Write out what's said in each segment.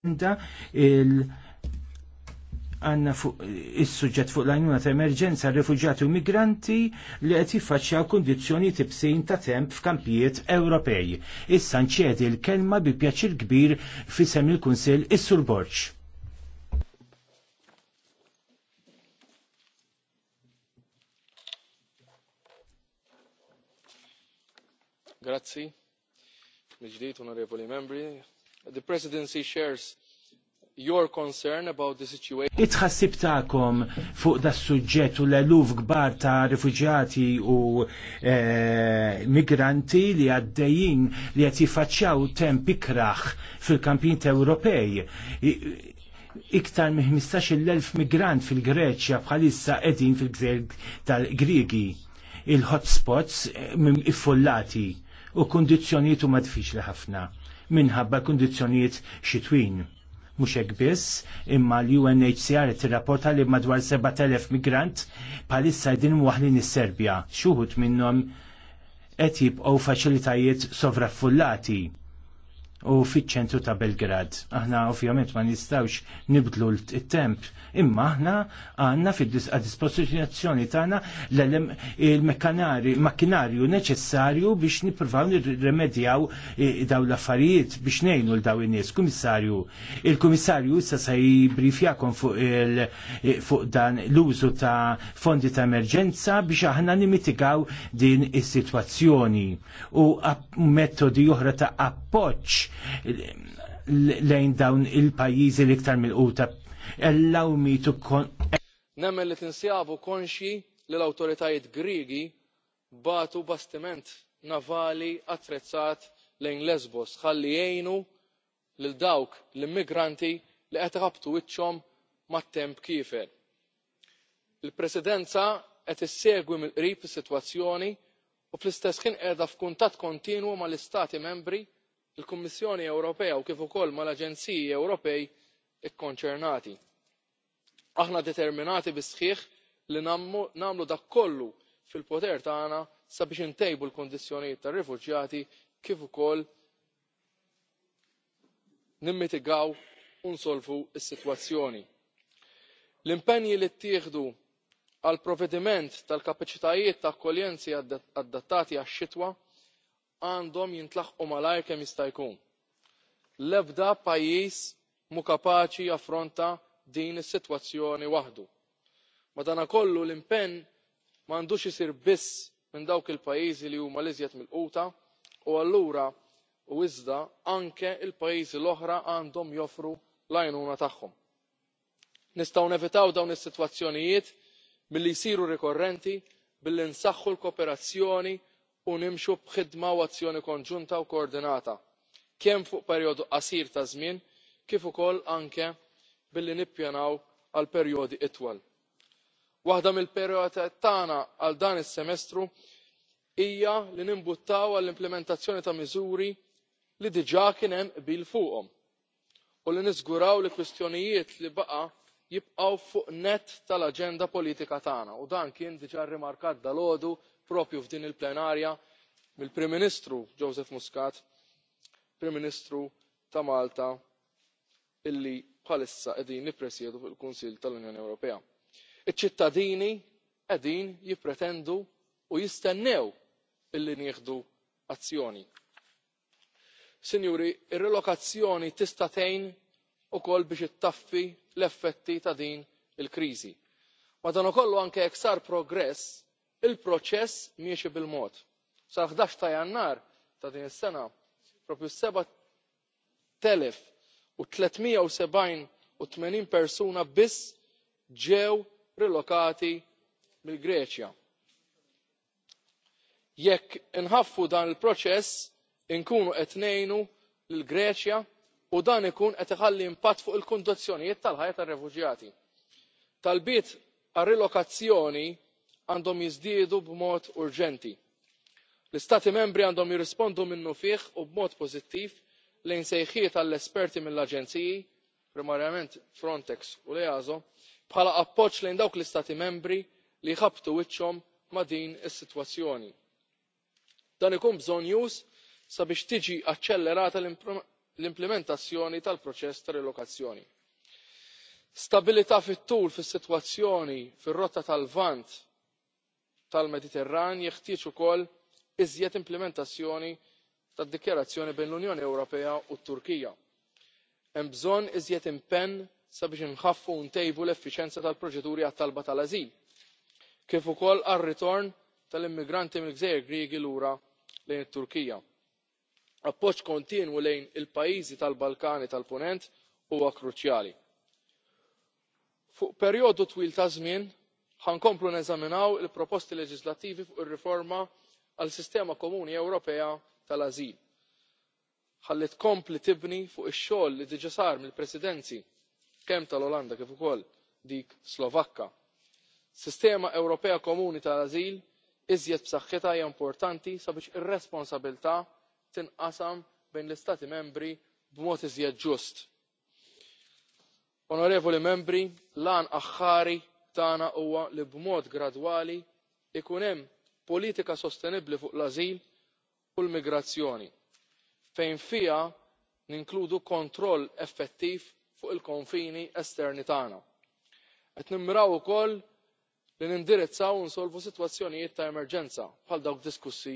għanda il- għanna fuq il-sujġet fuq l-għajnuna ta' emerġenza rifugjati u migranti li għet jiffaċċjaw kondizjoni tibsin ta' temp f'kampijiet Ewropej. Issa nċedi l-kelma bi pjaċir kbir fisem il-Kunsil Issur Borċ. Grazzi, miġdiet onorevoli membri, the presidency shares your concern about the situation. It-tħassib ta'kom fuq da suġġett u l-eluf gbar ta' rifugjati u eh, migranti li għaddejjin li qed jiffaċċjaw temp ikraħ fil-kampjint Ewropej. Iktar l elf migrant fil-Greċja bħalissa edin fil gżel tal griegi il-hotspots eh, iffullati u kondizjoniet huma diffiċli ħafna minħabba kundizzjonijiet xitwin. Mhux hekk biss, imma l-UNHCR tirrapporta li madwar 7000 migrant bħalissa jdin waħlin is-Serbja, xuħut minnhom qed jibqgħu faċilitajiet sovraffullati u fiċ-ċentru ta' Belgrad. Aħna ovvjament ma nistawx nibdlu l-temp, imma aħna għandna fid-dispożizzjoni tagħna l-makkinarju neċessarju biex nippruvaw nirremedjaw e, daw l-affarijiet biex ngħinu l daw in-nies. Kummissarju, il-Kummissarju issa se jibrifjakom e, fuq dan l-użu ta' fondi ta' emerġenza biex aħna nimitigaw din is-sitwazzjoni u metodi oħra ta' appoġġ lejn dawn il-pajjiżi l-iktar mill-quta. to tukkon. Nemmen li tinsjabu konxi li l-autoritajiet Grigi batu bastiment navali attrezzat lejn Lesbos ħalli jgħinu lil dawk l-immigranti li qed iħabtu wiċċhom mat-temp kiefer. Il-Presidenza qed issegwi mill qrib is-sitwazzjoni u fl-istess ħin qiegħda f'kuntatt kontinwu mal-istati membri il-kummissjoni ewropea u kif ukoll mal-aġenziji ewropej ikkonċernati. aħna determinati bi sħiħ li nagħmlu dak kollu fil poter tagħna sabiex intejbu l-kundizzjonijiet tar-rifuġjati kif ukoll nimmitigaw u nsolvu s-sitwazzjoni. l-impenji li ttieħdu għall provvediment tal kapaċitajiet ta' akkoljenza adattati għax xitwa għandhom jintlaħħqu malajr kemm jista' jkun. l-ebda pajjiż mhu kapaċi jaffronta din is-sitwazzjoni waħdu. madankollu l impenn m'għandux isir biss minn dawk il pajjiżi li huma l iżjed mill-quta u allura u iżda anke l pajjiżi l-oħra għandhom joffru l-għajnuna tagħhom. nistgħu nevitaw dawn is-sitwazzjonijiet milli jsiru rikorrenti billi nsaħħu l kooperazzjoni u nimxu b'ħidma u azzjoni konġunta u koordinata kemm fuq perjodu qasir ta' żmien kif ukoll anke billi nippjanaw għal perjodi itwal. waħda mill-prijoritajiet tagħna għal dan is-semestru hija li nimbuttaw għall-implementazzjoni ta' miżuri li diġà kien hemm qbil fuqhom u li niżguraw li kwistjonijiet li baqa' jibqgħu fuq nett tal aġenda politika tagħna u dan kien diġà rrimarkat dalgħodu proprju f'din il plenarja mill prim ministru joseph muscat prim ministru ta' malta illi bħalissa qegħdin nippresjedu fil kunsill tal unjoni ewropea. iċ-ċittadini qegħdin jippretendu u jistennew illi nieħdu azzjoni. sinjuri r relokazzjoni tista' tgħin ukoll biex ittaffi l effetti ta' din il kriżi. madankollu anke jekk sar progress il proċess miexi bil mod. sa ħdax ta' jannar ta' din is-sena proprju seba' telef u tlietmija u sebgħin u tmenin persuna biss ġew rilokati mill greċja. jekk inħaffu dan il-proċess inkunu qed ngħinu lill greċja u dan ikun qed iħalli impatt fuq il kundizzjonijiet tal ħajja tar refuġjati. talbiet għar rilokazzjoni għandhom jiżdiedu b'mod urġenti. l-istati membri għandhom jirrispondu minnu fih u b'mod pożittiv lejn sejħiet għall esperti mill-aġenziji primarjament frontex u easo bħala appoġġ lejn dawk l-istati membri li jħabbtu wiċċhom ma' din is-sitwazzjoni. dan ikun bżonn już sabiex tiġi aċċellerata l-implementazzjoni tal-proċess ta' relokazzjoni. stabbilità fit tul fis-sitwazzjoni fir-rotta tal lvant tal mediterran jeħtieġ ukoll iżjed implementazzjoni tad-dikjarazzjoni bejn l-unjoni ewropea u t-turkija. hemm bżonn iżjed impenn sabiex inħaffu u ntejbu l effiċjenza tal proċeduri għat-talba tal ażil kif ukoll għar-ritorn tal-immigranti mill-gżejjer griegi lura lejn it-turkija. appoġġ kontinwu lejn il pajjiżi tal balkani tal punent huwa kruċjali. fuq perjodu twil ta' żmien ħankomplu neżaminaw il proposti leġislattivi fuq ir-riforma għal sistema komuni ewropea tal ażil ħalli tkompli tibni fuq ix-xogħol li diġà sar mill-presidenzi kemm tal-olanda kif ukoll dik slovakka. sistema ewropea komuni tal ażil iżjed b'saħħitha hija importanti sabiex ir-responsabbiltà tinqasam bejn l-istati membri b'mod iżjed ġust. onorevoli membri lan aħħari tagħna huwa li b'mod gradwali ikun hemm politika sostenibbli fuq l-ażil u l-migrazzjoni fejn fiha ninkludu kontroll effettiv fuq il konfini esterni tagħna. qed nimmiraw ukoll li nindirizzaw u nsolvu sitwazzjonijiet ta' emerġenza bħal dawk diskussi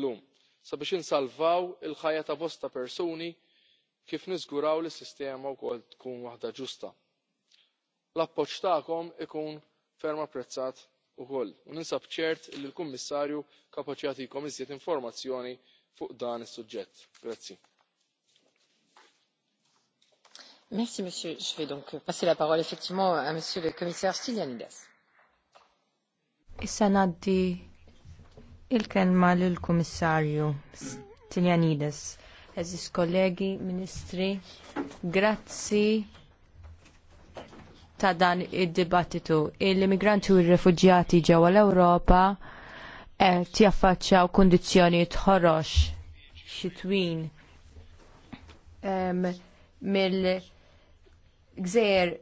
llum sabiex insalvaw il ħajja ta' bosta persuni kif niżguraw li s sistema wkoll tkun waħda ġusta l appoġġ tagħkom ikun ferm apprezzat ukoll u ninsab ċert li l-kummissarju kapaċi jagħtikom iżjed informazzjoni fuq dan is-suġġett. grazzi. Merci monsieur. Je vais donc passer la parole effectivement à monsieur le commissaire Stylianides. Issa il Stylianides. kollegi, ministri, grazzi ta' dan id-dibattitu. Il-immigranti u r-refuġjati ġewwa l-Ewropa qed eh, jaffaċċjaw kundizzjonijiet ħorox xitwin mill-gżejjer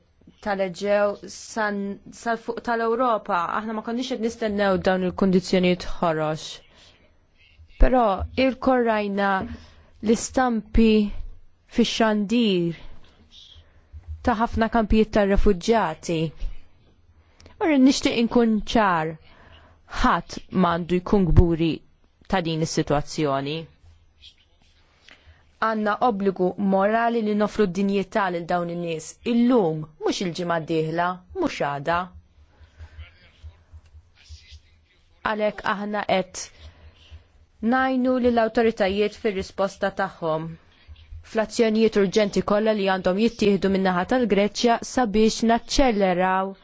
tal eġew sal-fuq tal-Ewropa, aħna ma konniex qed nistennew dawn il-kundizzjonijiet ħorox. Però il-korrajna l-istampi fix-xandir ta' ħafna kampijiet tar refugġati. U nishtiq inkun ċar ħadd m'għandu jkun gburi ta' din is-sitwazzjoni. Għanna obbligu morali li nofru d-dinjetà lil dawn in-nies illum mhux il-ġimgħa d-dieħla, mhux għada. Għalhekk aħna qed najnu lill awtoritajiet fir-risposta tagħhom fl-azzjonijiet urġenti kollha li għandhom jittieħdu min-naħa tal-Greċja sabiex naċċelleraw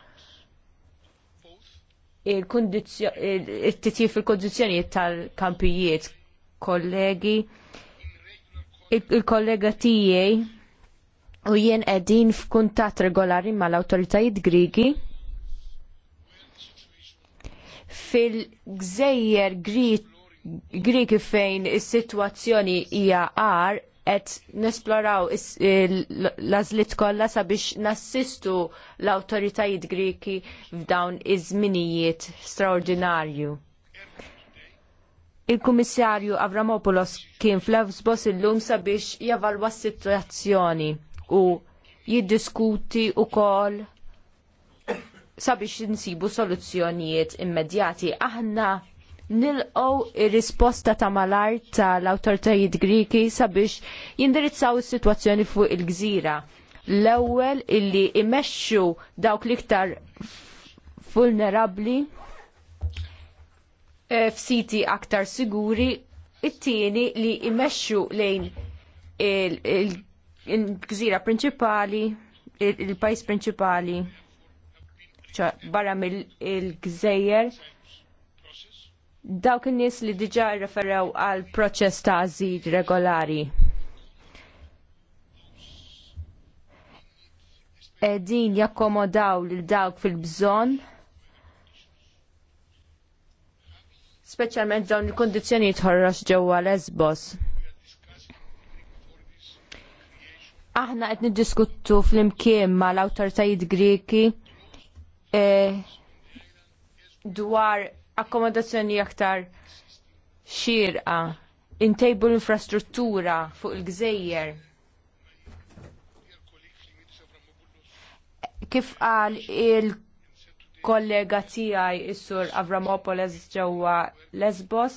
il-titjif fil kundizzjonijiet tal-kampijiet kollegi il-kollega tiegħi u jien qegħdin f'kuntatt regolari mal-awtoritajiet Grigi fil-gżejjer Griki fejn is-sitwazzjoni hija għar qed nesploraw eh, l-għażliet kollha sabiex nassistu l-awtoritajiet Griki f'dawn iż-żminijiet straordinarju. Il-Kummissarju Avramopoulos kien fl-Evsbos illum sabiex javalwa s-sitwazzjoni u jiddiskuti wkoll sabiex nsibu soluzzjonijiet immedjati. Aħna nilqgħu ir-risposta ta' malar tal-awtoritajiet Griki sabiex jindirizzaw is-sitwazzjoni fuq il-gżira. L-ewwel illi imexxu dawk l-iktar vulnerabbli eh, f'siti aktar siguri, it-tieni li imexxu lejn il-gżira prinċipali, il-pajis prinċipali, barra mill-gżejjer dawk in-nies li diġà referaw għal proċess ta' żid regolari. Din jakkomodaw lil dawk fil-bżonn speċjalment dawn il kundizzjonijiet ħorrox ġewwa Lesbos. Aħna qed niddiskuttu fl-imkien mal-awtoritajiet Greki eh, dwar akkomodazzjoni aktar xirqa, intejbu l-infrastruttura fuq il-gżejjer. Kif qal il-kollega tiegħi is-sur Avramopoles ġewwa Lesbos,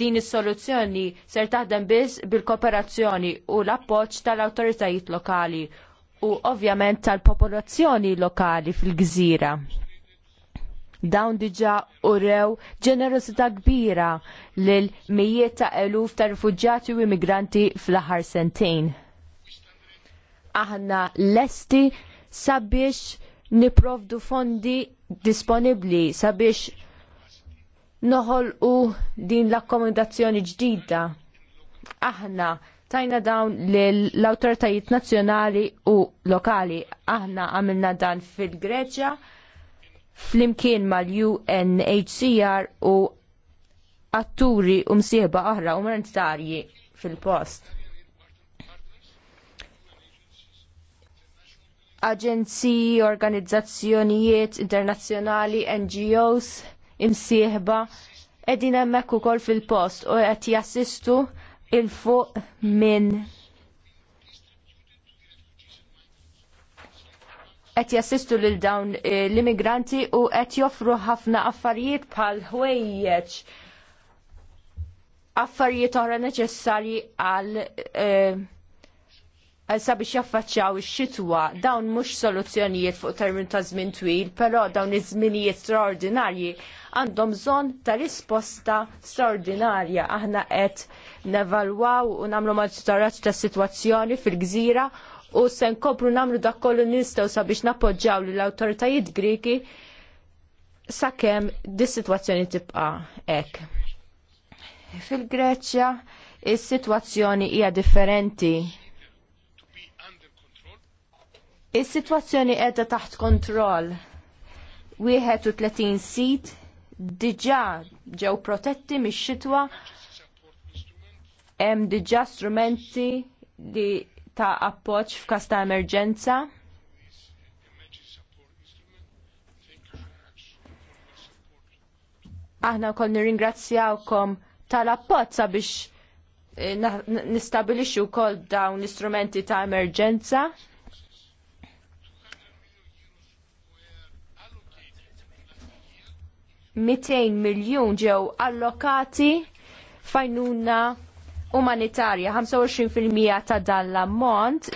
din is-soluzzjoni ser taħdem biss bil-kooperazzjoni u l-appoġġ tal-awtoritajiet lokali u ovvjament tal-popolazzjoni lokali fil-gżira. Dawn diġa urew ġenerosità kbira lil mijiet ta' eluf ta' rifuġġati u immigranti fl-aħħar sentejn. Aħna lesti sabiex niprovdu fondi disponibli sabiex noħolqu din l-akkomodazzjoni ġdida. Aħna tajna dawn l-autoritajiet nazzjonali u lokali. Aħna għamilna dan fil-Greċja flimkien mal-UNHCR u atturi u msieħba oħra marantarji fil-post. Aġenziji, organizzazzjonijiet internazzjonali, NGOs, imsieħba, edin hemmhekk ukoll fil-post u qed jassistu il-fuq minn qed jassistu lil dawn eh, l-immigranti u qed joffru ħafna affarijiet bħal ħwejjeġ affarijiet oħra neċessarji għal eh, għal sabiex jaffaċċjaw ix-xitwa dawn mhux soluzzjonijiet fuq termin ta' żmien twil, però dawn iż-żminijiet straordinarji għandhom bżonn ta' risposta straordinarja. Aħna qed nevalwaw u nagħmlu monitoraġġ tas-sitwazzjoni fil-gżira u se nkopru nagħmlu dak kollu nistaw sabiex nappoġġjaw lill awtoritajiet Griki sakemm dis-sitwazzjoni tibqa' hekk. Fil-Greċja is-sitwazzjoni hija differenti. Is-sitwazzjoni qiegħda taħt kontroll. 31 sit diġà ġew protetti mix-xitwa hemm diġà strumenti li ta' appoġġ f'każ ta' emerġenza. Aħna wkoll nirringrazzjawkom tal-appoġġ sabiex eh, nistabilixxu wkoll dawn l-istrumenti ta' emerġenza. Mitejn miljun ġew allokati fajnuna umanitarja 25% ta' dan l-ammont,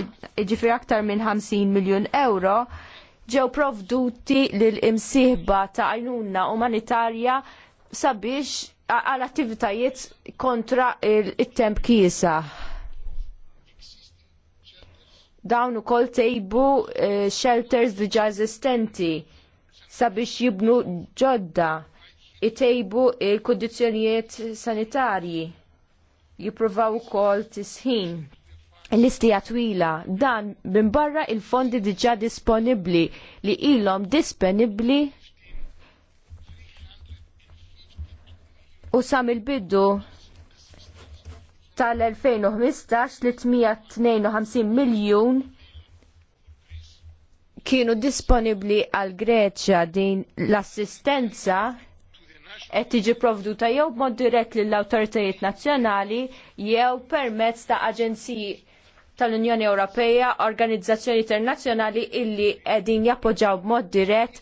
ġifir aktar minn 50 miljon euro, ġew provduti lill-imsieħba ta' għajnuna umanitarja sabiex għal attivitajiet kontra il-temp kiesa. Dawn ukoll tejbu eh, shelters diġà eżistenti sabiex jibnu ġodda, jtejbu il-kondizjonijiet sanitarji jippruvaw ukoll tisħin l-istija twila dan minn barra il-fondi diġà disponibbli li ilhom disponibbli u sam il-biddu tal-2015 352 miljun kienu disponibbli għal Greċja din l-assistenza qed tiġi provduta jew b'mod dirett lill-awtoritajiet nazzjonali jew permezz ta' aġenziji tal-Unjoni Ewropea, organizzazzjoni internazzjonali illi qegħdin jappoġġaw b'mod dirett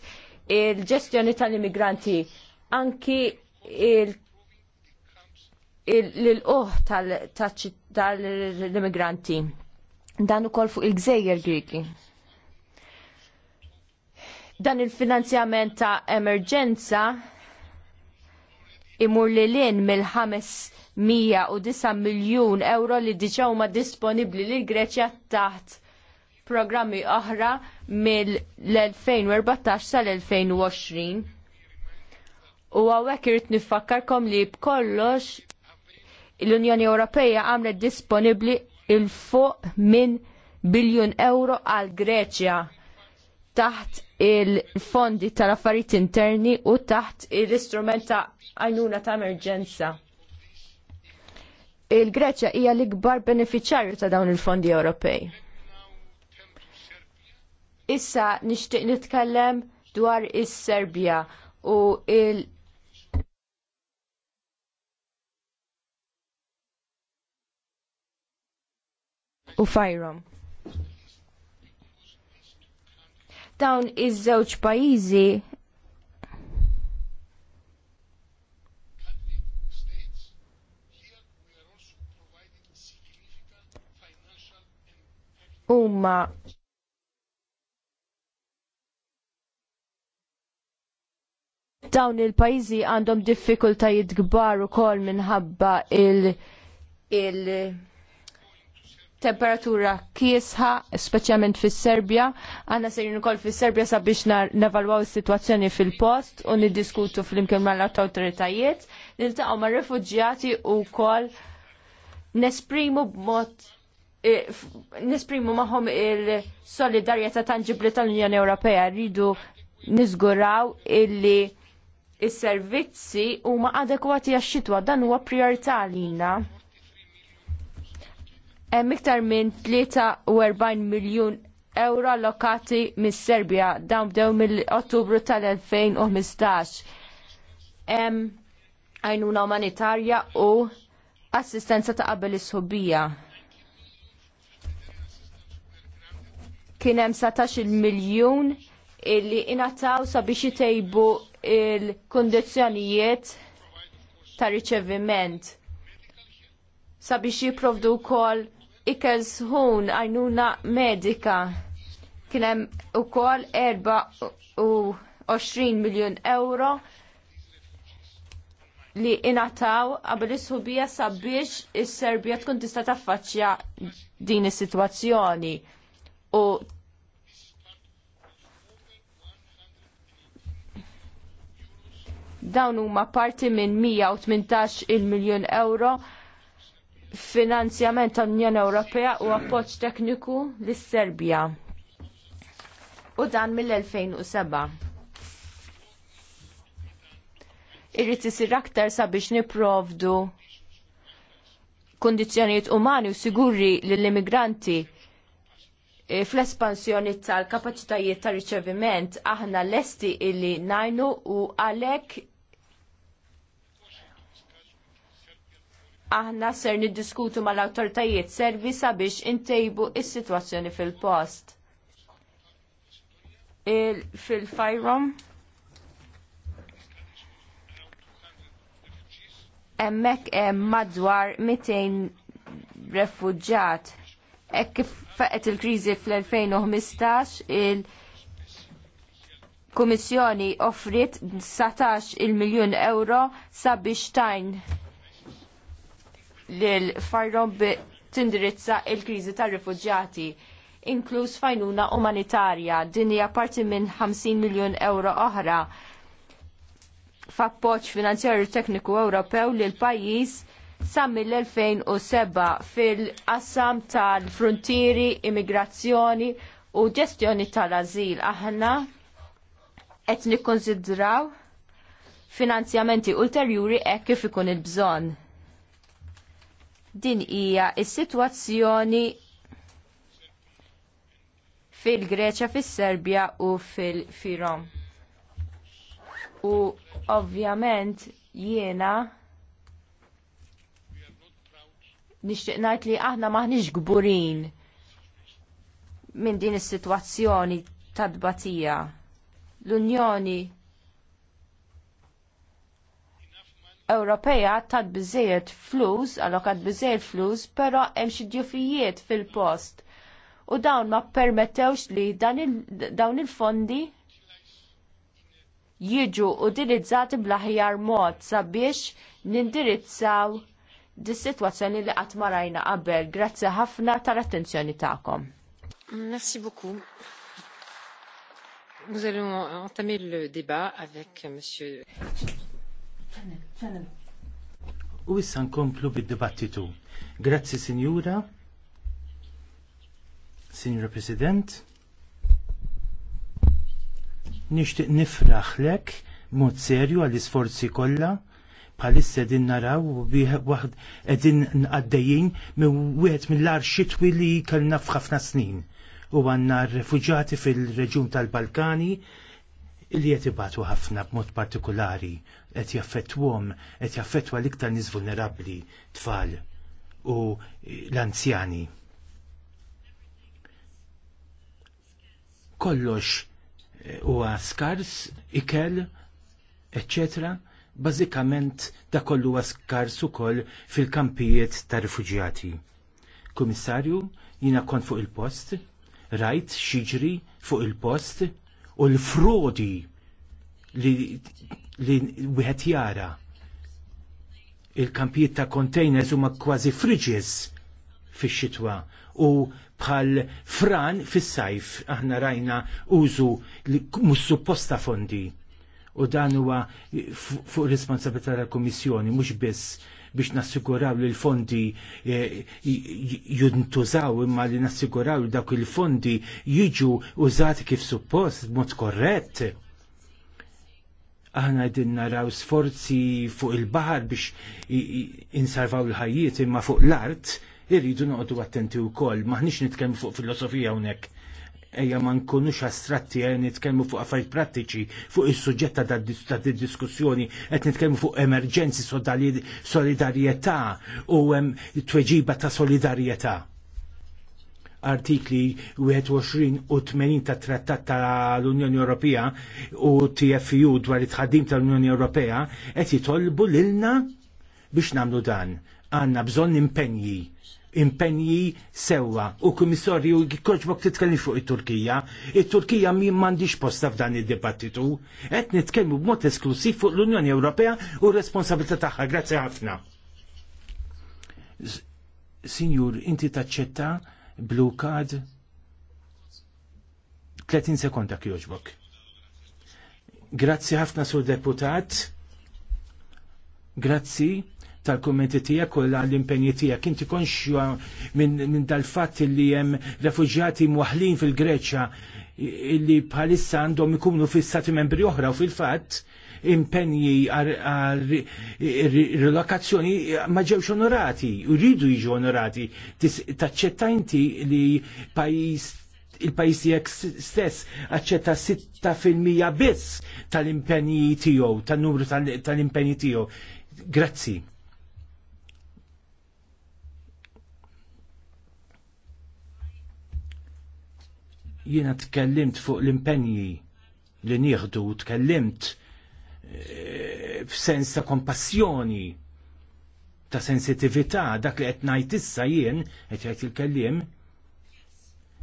il-ġestjoni tal-immigranti. Anki il- l-uħ tal-immigranti. Dan ukoll fuq il-gżejjer Griki dan il-finanzjament ta' emerġenza imur li lin mill-509 miljun euro li diġa huma disponibbli lil Greċja taħt programmi oħra mill-2014 sal-2020. U għawek irrit nifakkarkom li b'kollox l-Unjoni Ewropeja għamlet disponibbli il-fuq minn biljun euro għal Greċja taħt il-fondi tal-affarijiet interni u taħt l-istrument ta' għajnuna ta' emerġenza. Il-Greċja hija l-ikbar beneficjarju ta' dawn il-fondi Ewropej. Issa nixtieq nitkellem dwar is-Serbja u il- u fajrom. Dawn iż-żewġ pajjiżi huma dawn il-pajjiżi għandhom diffikultajiet kbar ukoll minħabba il- il- temperatura kiesħa, speċjalment fis-Serbja. għanna serin ukoll fis-Serbja sabiex nevalwaw is-sitwazzjoni fil-post u niddiskutu flimkien mal taqaw ma mar u wkoll nesprimu b'mod e, nesprimu maħom il-solidarjetà tangibli tal-Unjoni Ewropea rridu niżguraw illi is-servizzi huma adekwati għax-xitwa dan huwa prijorità għalina hemm iktar minn 43 miljun euro allokati mis-Serbja dawn bdew mill-Ottubru tal-2015. Hemm għajnuna umanitarja u assistenza ta' qabel is-sobija. Kien hemm 17 miljun illi inataw sabiex itejbu il kundizzjonijiet ta' riċeviment sabiex jipprovdu wkoll ikel sħun għajnuna medika kien hemm ukoll 24 miljun euro li inataw qabel is-subija sabiex is-Serbja tkun tista' taffaċċja din is-sitwazzjoni u dawn huma parti minn 118 il miljun euro finanzjament tal-Unjoni Ewropea u appoġġ tekniku lis-Serbja. U dan mill-2007. Irrid isir aktar sabiex niprovdu kundizzjonijiet umani u siguri lill-immigranti e, fl-espansjoni tal-kapacitajiet tar riċeviment aħna lesti illi najnu u għalek aħna ser niddiskutu mal-awtoritajiet servi sabiex intejbu il sitwazzjoni fil-post. Fil-fajrom hemmhekk hemm madwar 200 refuġġat. Hekk faqet il-kriżi fl-2015 il Kummissjoni offrit 19 il miljun euro sabiex tajn lil farrom bi tindirizza il-kriżi tar rifugġati, inkluż fajnuna umanitarja din hija parti minn 50 miljun euro oħra f'appoġġ finanzjarju tekniku Ewropew lil pajjiż sa mill-2007 fil-qassam tal-frontieri, immigrazzjoni u ġestjoni tal-azil. Aħna qed nikkonsidraw finanzjamenti ulterjuri hekk kif ikun il-bżonn. Din hija s-sitwazzjoni fil-Greċja, fis-Serbja u fil-Firom. U ovvjament jiena nixtieq ngħid li aħna maħniex gburin minn din is-sitwazzjoni tad-batija. L-Unjoni Ewropeja tad biżejjed flus, allokat biżejjed flus, però hemm xi djufijiet fil-post. U dawn ma permettewx li dawn il-fondi jiġu utilizzati bl-aħjar mod sabiex nindirizzaw di sitwazzjoni li qatt ma rajna qabel. Grazzi ħafna tal-attenzjoni tagħkom. Merci beaucoup. Nous allons entamer le débat avec monsieur U issa nkomplu bid-dibattitu. Grazzi Sinjura, Sinjura President, nixtieq nifraħlek mod serju għall-isforzi kollha bħalissa din naraw u waħd qegħdin għaddejjin minn wieħed mill għar xitwi li kellna f'ħafna snin u għandna refuġati fil reġjun tal-Balkani illi qed ibatu ħafna b'mod partikolari qed jaffettwhom, qed jaffettwa l-iktar nies vulnerabbli tfal u l-anzjani. Kollox eh, huwa skars, ikel, etc. Bażikament da kollu huwa skars ukoll fil-kampijiet ta' rifuġjati. Kummissarju, jina kont fuq il-post, rajt xiġri fuq il-post, u l-frodi li, li wieħed jara il-kampijiet ta' containers huma kważi friġis fix-xitwa u bħal fran fis-sajf aħna rajna użu li mhux supposta fondi u dan huwa fuq responsabilità tal-Kummissjoni mhux biss biex nassiguraw li l-fondi eh, juntużaw imma li nassiguraw li dawk il-fondi jiġu użati kif suppost b'mod korrett. Aħna din naraw sforzi fuq il-baħar biex insarvaw l-ħajjiet imma fuq l-art irridu noqdu attenti wkoll, maħniex nitkem fuq filosofija hawnhekk ejja ma nkunux astratti għen nitkellmu fuq affarijiet prattiċi fuq is suġġetta ta' diskussjoni qed nitkellmu fuq emerġenzi solidarjetà u t tweġiba ta' solidarjetà. Artikli 21 u 80 ta' Trattat tal-Unjoni Ewropea u TFU dwar it-ħaddim tal-Unjoni Ewropea qed jitolbu lilna biex nagħmlu dan. Għanna bżonn impenji impenji sewa u kummissarju bok titkellem fuq it-Turkija. It-Turkija min m'għandix posta f'dan id-dibattitu. Qed nitkellmu b'mod esklusiv fuq l-Unjoni Ewropea u r-responsabilità tagħha. Grazzi ħafna. Sinjur, inti taċċetta blue card 30 sekonda bok. Grazzi ħafna sur deputat. Grazzi tal-kummenti tiegħek kolla l-impenji tiegħek. Inti konxju minn min dal-fatt li hemm refuġjati mwaħlin fil-Greċja li bħalissa għandhom ikunu fis-stati membri oħra u fil-fatt impenji għal relokazzjoni ma ġewx onorati, u rridu jiġu onorati. Taċċetta inti li pajis il-pajis jek stess għacċetta 6% biss tal-impenji tiegħu, tan numru tal-impenji tiegħu. Grazzi. Jiena tkellimt fuq l-impenji li nieħdu u tkellimt eh, f'sens ta' kompassjoni ta' sensitività dak li qed ngħid issa jien qed jgħid il kellim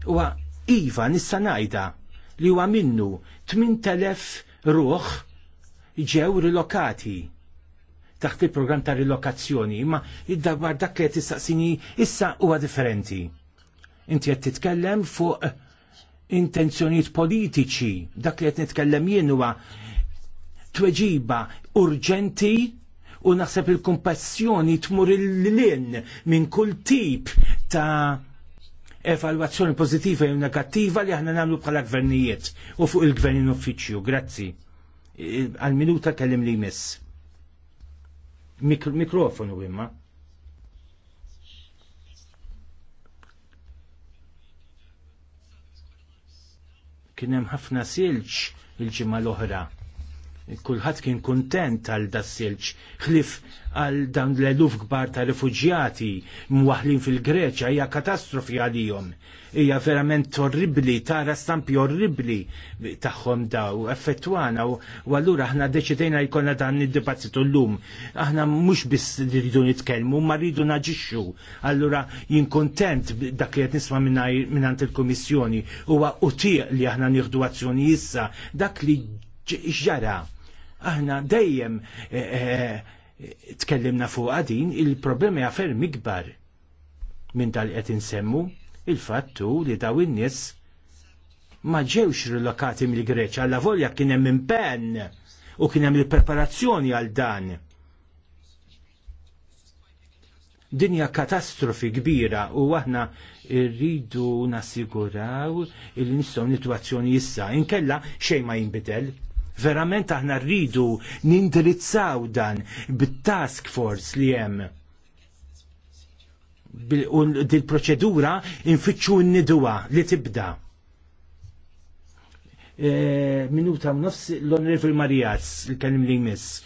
huwa iva nista' ngħidha li huwa minnu 8000 ruħ ġew rilokati taħt il-programm ta' rilokazzjoni, imma id-dabar dak li qed tistaqsini issa huwa differenti. Inti qed titkellem fuq intenzjonijiet politiċi. Dak li qed nitkellem jien tweġiba urġenti u naħseb il-kumpassjoni tmur il-lin minn kull tip ta' evalwazzjoni pozitiva jew negattiva li aħna nagħmlu bħala gvernijiet u fuq il-gvernin uffiċju. Grazzi. Għal-minuta kellim li jmiss. Mikrofonu imma. Kien hemm ħafna silġ il-ġimgħa l-oħra kulħadd kien kuntent għal dassilġ ħlif għal dawn l-eluf kbar ta' rifuġjati mwaħlin fil-Greċja hija katastrofi għalihom. Hija verament orribli, tara stampi orribli tagħhom daw, effettwana u allura aħna deċidejna jkollna dan id-dibattitu llum. Aħna mhux biss rridu nitkellmu, ma rridu naġixxu. Allura jien kuntent dak li qed nisma' mingħand il-Kummissjoni huwa utieq li aħna nieħdu azzjoni issa dak li ġara aħna dejjem eh, eh, tkellimna fuq din il-problemi għafer mikbar minn tal qed insemmu il-fattu li daw in-nies ma ġewx rilokati mill-Greċja għal volja kien hemm impenn u kien hemm il-preparazzjoni għal dan. Dinja katastrofi kbira u aħna rridu nassiguraw il-nistgħu nitwazzjoni issa inkella xejn ma jinbidel. Verament aħna rridu nindirizzaw dan bit-task force li hemm u dil-proċedura infittxu n niduwa li tibda. E, minuta u nofs l-Onorevoli Marijas, il-kellim li jmiss.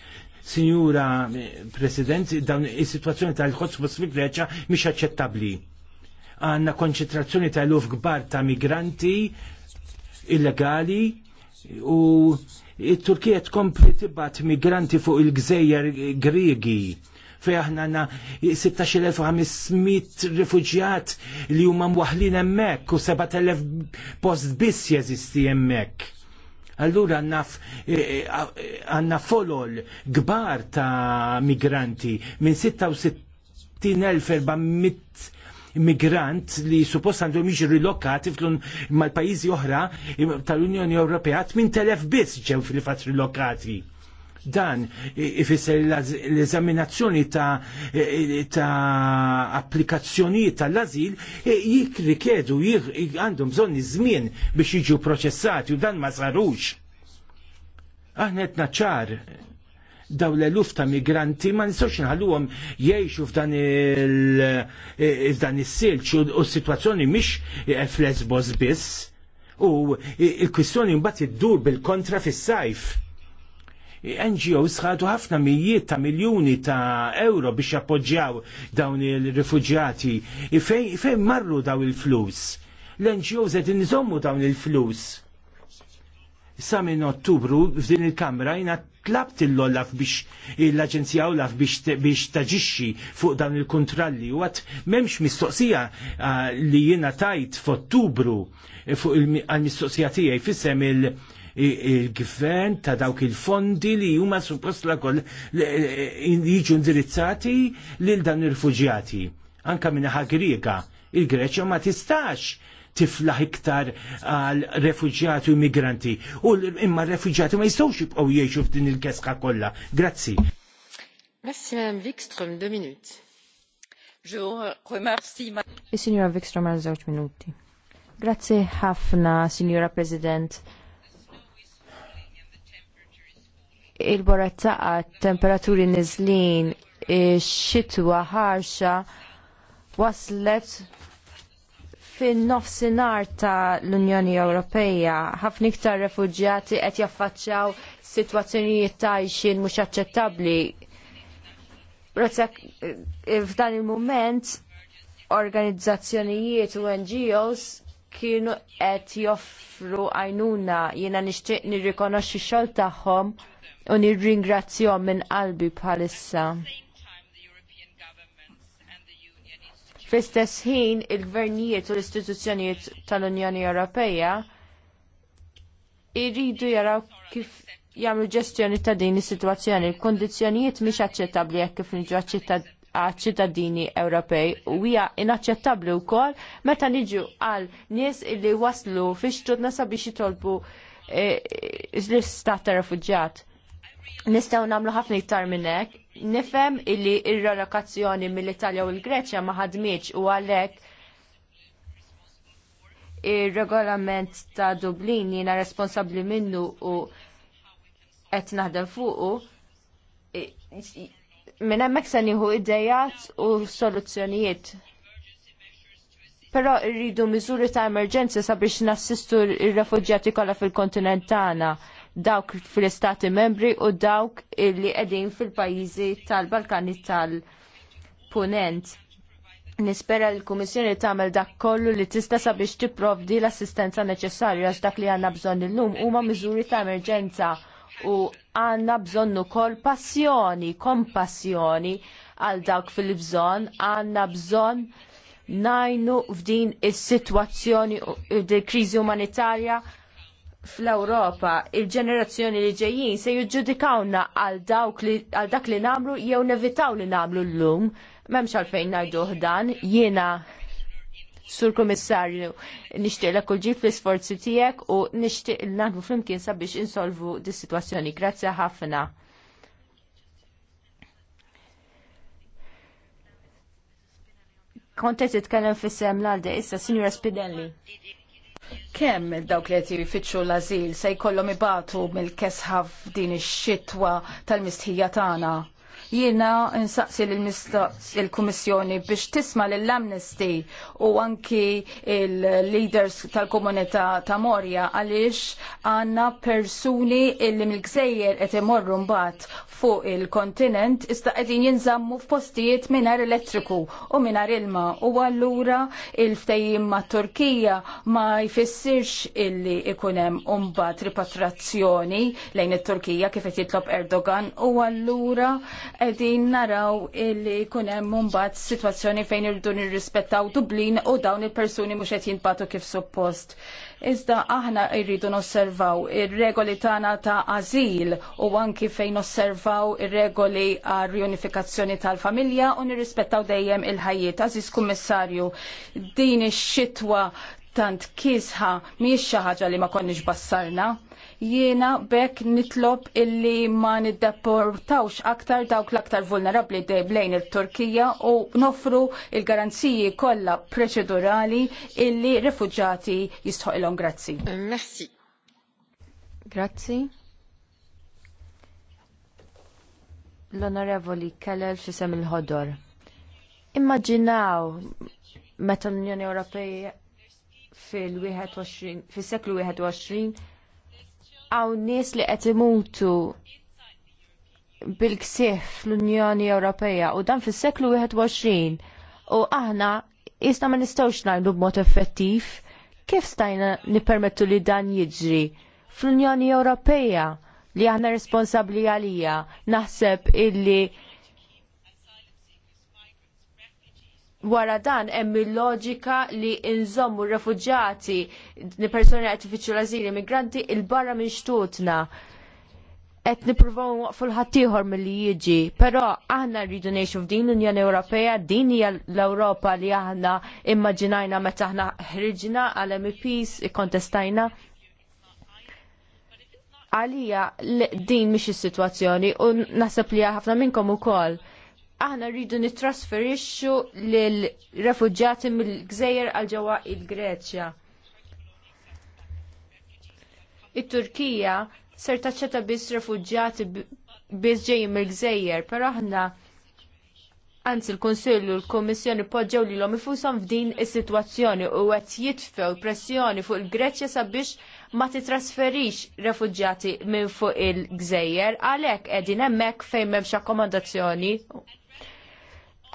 Signora eh, President, dawn is-situazzjoni tal-ħotspots fil Greċja mhix aċċettabbli. Għandna konċentrazzjoni tal uf kbar ta' migranti illegali u il-Turkija tkompli tibat migranti fuq il-gżejjer Griegi fej aħna għanna 16.500 rifugjat li huma mwaħlin hemmhekk u 7.000 post biss jeżisti hemmhekk. Allura għanna e- e- e- folol gbar ta' migranti minn 66.400 immigrant li suppost għandhom jiġi rilokati mal-pajjiżi oħra tal-Unjoni Ewropea 8000 biss ġew fil-fatt rilokati. Dan ifisser l-eżaminazzjoni ta', ta applikazzjonijiet tal-azil e jikrikedu għandhom bżonn żmien biex jiġu proċessati u dan ma sarux. Aħna qed naċċar daw l-eluf ta' migranti ma nistgħux nħalluhom jgħixu f'dan il e, e, silċ u s-sitwazzjoni mhix e, f'Lesbos biss u il-kwistjoni mbagħad iddur bil-kontra fis-sajf. NGOs ħadu ħafna mijiet ta' miljoni ta' euro biex appoġġjaw dawn il-rifuġjati. Fejn marru daw il-flus? L-NGOs qed inżommu dawn il-flus sa minn Ottubru f'din il-Kamra jina tlabt il-lollaf biex l-Aġenzija Olaf biex taġixxi fuq dan il-kontralli u għat memx mistoqsija li jina tajt f'Ottubru e, fuq il-mistoqsija tiegħi fissem il- il-gvern ta' dawk il-fondi li huma suppost la koll e, jiġu indirizzati lil dan ir-rifuġjati anka minna ħagriga, il-Greċja ma tistax tiflaħ iktar għal refugjati u migranti. U imma refugjati ma jistawx jibqgħu jgħixu f'din il-kesħa kollha. Grazzi. Merci Madame Wikström, deux minutes. Je remercie ma... signora Wikström għal żewġ minuti. Grazzi ħafna, Signora President. Il-boretta temperaturi nizlin, xitwa ħarxa waslet fin-nofsinhar ta' l-Unjoni Ewropea ħafna iktar refuġjati qed jaffaċċjaw sitwazzjonijiet ta' għajxin mhux aċċettabbli. F'dan il-mument organizzazzjonijiet u NGOs kienu qed joffru għajnuna jiena nixtieq nirrikonoxxi x-xogħol tagħhom u nirringrazzjahom minn qalbi bħalissa. Fl-istess ħin il-gvernijiet u l-istituzzjonijiet tal-Unjoni Ewropea irridu jaraw kif jagħmlu ġestjoni ta' din is-sitwazzjoni. Il-kondizzjonijiet mhix aċċettabbli hekk kif niġu għaċ-ċittadini Ewropej u hija inaċċettabbli wkoll meta niġu għal nies illi waslu fi xtudna sabiex jitolbu eh, l-istat ta' refuġġjat. Nistaw namlu ħafna iktar minn hekk. Nifhem illi ir-relokazzjoni mill-Italja u l-Greċja ma ħadmitx u għalhekk ir-regolament ta' Dublin jiena responsabbli minnu u qed naħdem fuqu minn hemmhekk se nieħu idejat u soluzzjonijiet. Però rridu miżuri ta' emerġenza sabiex nassistu ir-refuġjati kollha fil-kontinent tagħna dawk fil-istati membri u dawk li qegħdin fil-pajjiżi tal-Balkani tal-Punent. Nispera l-Kummissjoni tagħmel dak kollu li tista' sabiex tipprovdi l-assistenza neċessarja għax dak li għandna bżonn illum huma miżuri ta' emerġenza u għandna bżonn ukoll passjoni, kompassjoni għal dawk fil-bżonn, għandna bżonn najnu f'din is-sitwazzjoni, il-kriżi umanitarja fl-Ewropa il-ġenerazzjoni li ġejjin se jiġġudikawna għal dak li namlu jew nevitaw li namlu l-lum. Memx għalfejn najdu dan, jiena Sur Komissarju, nishtiq l ġi fl-isforzi tijek u nishtiq l-nadbu flimkien sabiex insolvu di situazzjoni. Grazie ħafna. Kontet itkellem fis-sem l-għalde issa, Signora Spidelli kemm dawk li qed jfittxu l-ażil se jkollhom ibatu mill-kesħa din ix-xitwa tal-mistħija tagħna Jiena nsaqsi l-Kummissjoni biex tisma l-Amnesty u anki il-leaders tal-komunità ta' Morja għaliex għanna persuni illi mill-gżejjer qed imorru mbagħad fuq il-kontinent ista' qegħdin jinżammu f'postijiet mingħajr elettriku u mingħajr ilma u allura il-ftejjim ma' Turkija ma jfissirx illi ikun hemm mbagħad ripatrazzjoni lejn it-Turkija kif qed jitlob Erdogan u allura edin naraw illi kunem mumbat situazzjoni fejn irridu nirrispettaw Dublin u dawn il-persuni mux qed jinbatu kif suppost. Iżda aħna irridu nosservaw ir-regoli tagħna ta' azil u anki fejn osservaw ir-regoli għar riunifikazzjoni tal-familja u nirrispettaw dejjem il-ħajjiet. Aziz Kummissarju, din ix-xitwa tant kisħa mhijiex xi ħaġa li ma konniex bassarna jiena bekk nitlob illi ma niddeportawx aktar dawk l-aktar vulnerabli lejn il-Turkija u nofru il-garanziji kollha proċedurali illi rifuġati jistħoqilhom grazzi. Euh, merci. Grazzi. L-Onorevoli Kellel fisem il-ħodor. Immaġinaw meta l-Unjoni Ewropea fil-21 fis-seklu fis seklu 21 għaw nies li qed imutu bil-ksif fl-Unjoni Ewropea u dan fis-seklu 21 u aħna jisna ma nistgħux b b'mod effettiv kif stajna nippermettu li dan jiġri fl-Unjoni Ewropea li aħna responsabbli għalija naħseb illi wara dan hemm il-loġika li nżommu r-refuġjati, persuni qed ifittxu l-azil, immigranti il-barra minn xtutna. Qed nippruvaw waqfu l ieħor milli jiġi, però aħna rridu ngħixu f'din l-Unjoni Ewropea, din hija l-Ewropa li aħna immaġinajna meta aħna ħriġna għal MPs ikkontestajna għalija din mhix is-sitwazzjoni u naħseb li ħafna minnkom ukoll aħna rridu nittrasferixxu lil refuġjati mill-Gżejjer għal ġewwa il-Greċja. It-Turkija ser taċċetta biss refuġjati biss ġejjin mill-Gżejjer, però aħna Anzi, l kunsill u l-Kommissjoni poġġew li l-om ifusom f'din is-sitwazzjoni u qed jitfew pressjoni fuq il-Greċja sabiex ma titrasferix refugġati minn fuq il-Gżejjer, għalhekk qegħdin hemmhekk fejn m'hemmx akkomodazzjoni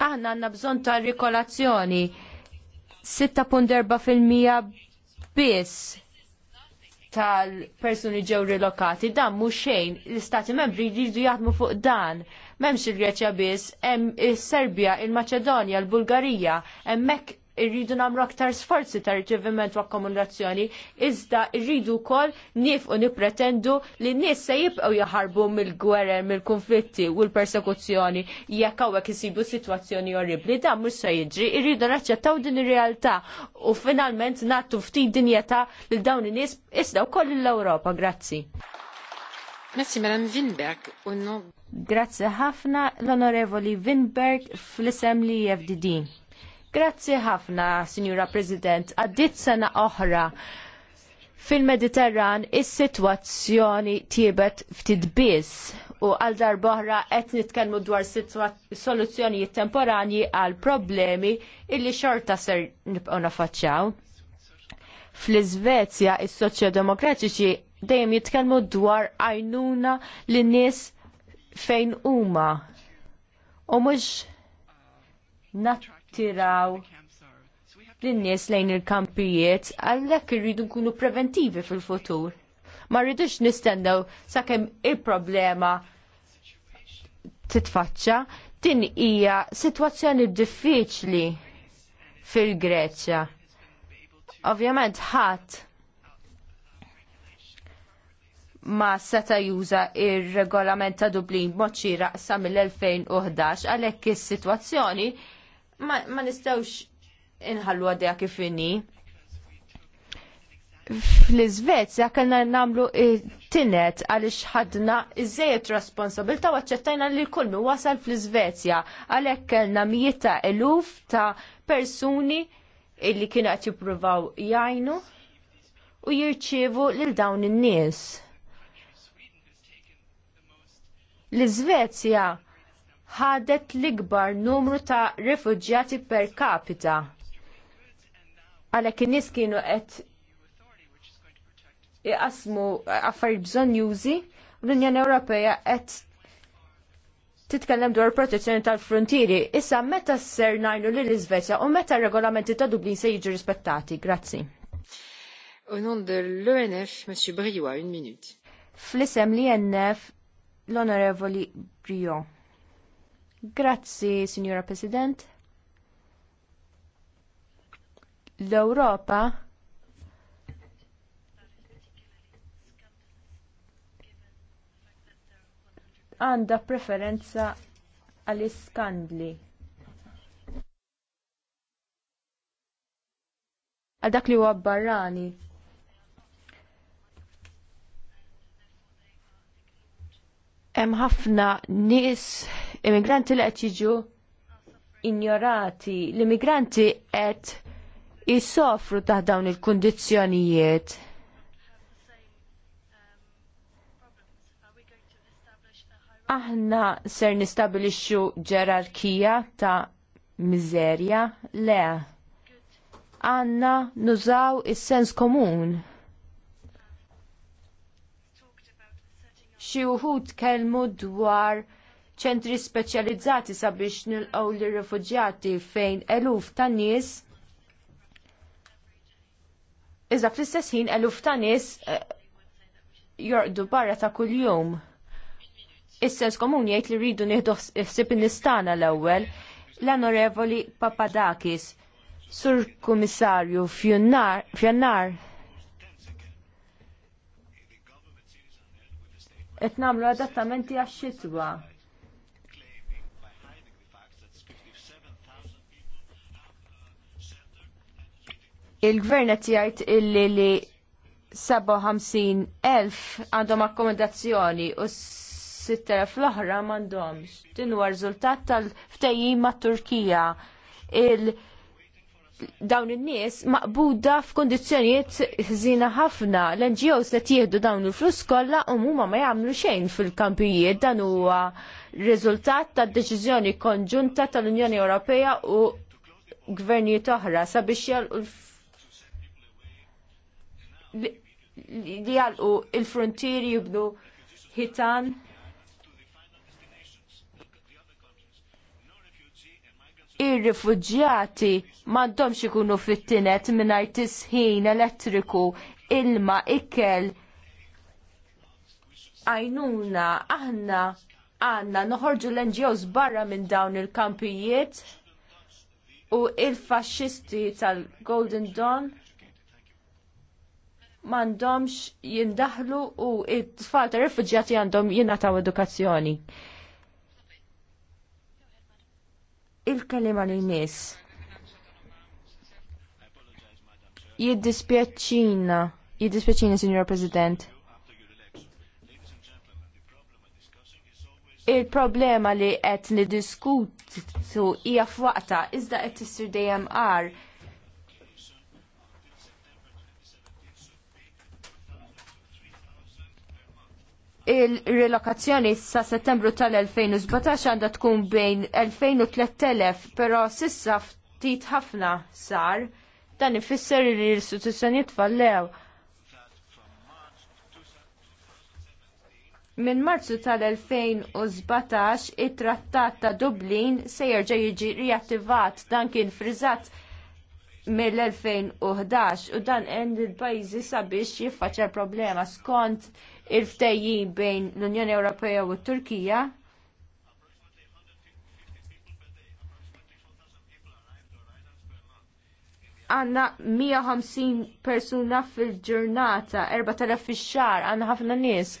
aħna għandna bżonn ta' rikolazzjoni 6.4% biss tal-persuni ġew rilokati, dan mhu xejn, l-istati membri jridu jaħdmu fuq dan. M'hemmx il-Greċja biss, hemm is-Serbja, il-Maċedonja, il-Bulgarija, hemmhekk irridu namru aktar sforzi ta' riċeviment u akkomodazzjoni, iżda irridu kol nif u nipretendu li n-nies se jibqgħu jaħarbu mill-gwerer, mill-konflitti u l-persekuzzjoni jekk hawnhekk isibu sitwazzjoni orribli dan mhux se jiġri, irridu naċċettaw din ir-realtà u finalment nagħtu ftit dinjeta lil dawn in-nies iżda wkoll l-Ewropa. Grazzi. Grazzi, Madam Winberg. Grazzi ħafna l-Onorevoli Winberg fl-isem li FDD. Grazzi ħafna, Signora President. Għaddit sena oħra fil-Mediterran is-sitwazzjoni tiebet ftit biss u għal darboħra qed nitkellmu dwar soluzzjonijiet temporanji għal problemi illi xorta ser nibqgħu nafaċċaw. Fl-Iżvezja is-Soċjodemokratiċi dejjem jitkellmu dwar għajnuna li nies fejn huma u mhux natt tiraw l-nies lejn il-kampijiet għallek irridu nkunu preventivi fil-futur. Ma rridux nistendew sakemm il-problema titfaċċa, din hija sitwazzjoni diffiċli fil-Greċja. Ovvjament ħadd ma seta juża ir-regolament ta' Dublin b'mod xieraq sa mill-2011 għalhekk is-sitwazzjoni ma, ma nistawx inħallu għadja kif inni. Fl-Izvezja kellna namlu tinet għaliex ħadna iżejet responsabilta u għacċettajna li kull mi wasal fl-Izvezja għalhekk kellna mieta eluf ta' persuni illi kienu qed jippruvaw jajnu u jirċievu lil dawn in-nies. L-Iżvezja ħadet l-ikbar numru ta' rifuġjati per capita. Għalhekk in-nies kienu qed iqasmu affarijiet bżonn jużi, l-Unjoni Ewropea qed titkellem dwar protezzjoni tal-frontieri. Issa meta ser najnu lil iżvezja u meta regolamenti ta' Dublin se jiġu rispettati? Grazzi. Au nom de l'ONF, M. Briot, une minute. Fl-isem li NF, l-Onorevoli Briot. Grazzi, Signora President. L-Europa għanda preferenza għall-iskandli. Għal dak li huwa barrani. Hemm ħafna nies immigranti li qed jiġu injorati. L-immigranti qed jissofru taħt dawn il-kundizzjonijiet. aħna ser nistabilixxu ġerarkija ta' miżerja le. Għanna nużaw is-sens komun. Xi wħud kellmu dwar ċentri speċjalizzati sabiex nilqgħu lir rifuġjati fejn eluf ta' nies Iżda fl-istess ħin eluf ta' nies eh, jorqdu barra ta' kuljum. Is-sens komuni jgħid li rridu nieħdu ħsieb nistana l-ewwel l-Onorevoli Papadakis, Sur Kummissarju f'Jannar qed nagħmlu adattamenti għax-xitwa. Il-gvern qed jgħid illi li 57,000 għandhom akkomodazzjoni u 6,000 l-oħra m'għandhomx. Din huwa riżultat tal-ftejjim mat-Turkija. il dawn in-nies maqbuda f'kondizzjonijiet ħżina ħafna. L-NGOs li jieħdu dawn il-flus kollha u huma ma jagħmlu xejn fil-kampijiet dan huwa riżultat tad deċiżjoni konġunta tal-Unjoni Ewropea u gvernijiet oħra sabiex jalqu li jalqu il-frontieri jibdu ħitan ir-rifuġjati m'għandhomx ikunu fit-tinet mingħajr tisħin elettriku, ilma, ikel, għajnuna, aħna għanna noħorġu l-NGOs barra minn dawn il-kampijiet u il-fasċisti tal-Golden Dawn mandomx jindaħlu u it-tfal ta' rifuġjati għandhom jinnataw edukazzjoni. il-kelima li nis. Jiddispjaċina, jiddispjaċina, Signor President. Il-problema li qed niddiskutu hija f'waqta iżda qed tissir dejjem qar il-relokazzjoni sa settembru tal-2017 għandha tkun bejn 2000 u 3000, però sissa ftit ħafna sar, dan ifisser li l-istituzzjonijiet fallew. Minn Marzu tal-2017 it-Trattat ta' Dublin se jerġa' jiġi riattivat dan kien frizzat mill-2011 u dan għend il-pajjiżi sabiex jiffaċċar problema skont il-ftejjin bejn l-Unjoni Ewropea u t-Turkija għanna 150 persuna fil-ġurnata, 4,000 fil-xar, għanna ħafna nis.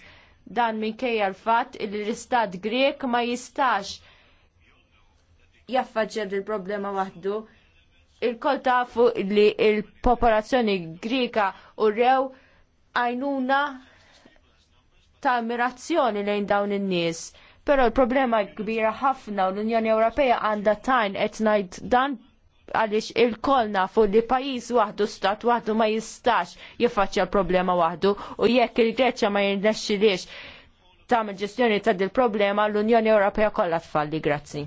Dan minkejja l-fat il-istat Grek ma jistax jaffaġġer il-problema wahdu. Il-kol tafu li il-popolazzjoni Greka u rew għajnuna ta' ammirazzjoni lejn dawn in-nies. Però l-problema kbira ħafna u l-Unjoni Ewropea għandha tajn qed ngħid dan għaliex il nafu li pajis waħdu stat waħdu ma jistax jiffaċċja problema waħdu u jekk il-Greċja ma jirnexxilix tagħmel ġestjoni ta' dil problema l-Unjoni Ewropea kollha tfalli, grazzi.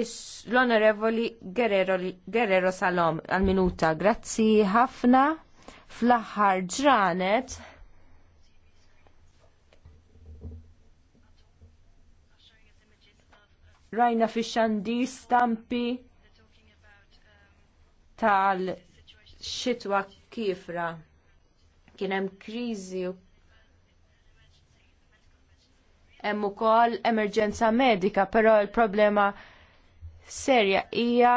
Is l-Onorevoli Guerrero, Guerrero Salom għal-minuta, grazzi ħafna fl-aħħar ġranet. rajna fi xandi stampi tal-xitwa kifra. Kien hemm kriżi hemm ukoll emerġenza medika, però l-problema serja hija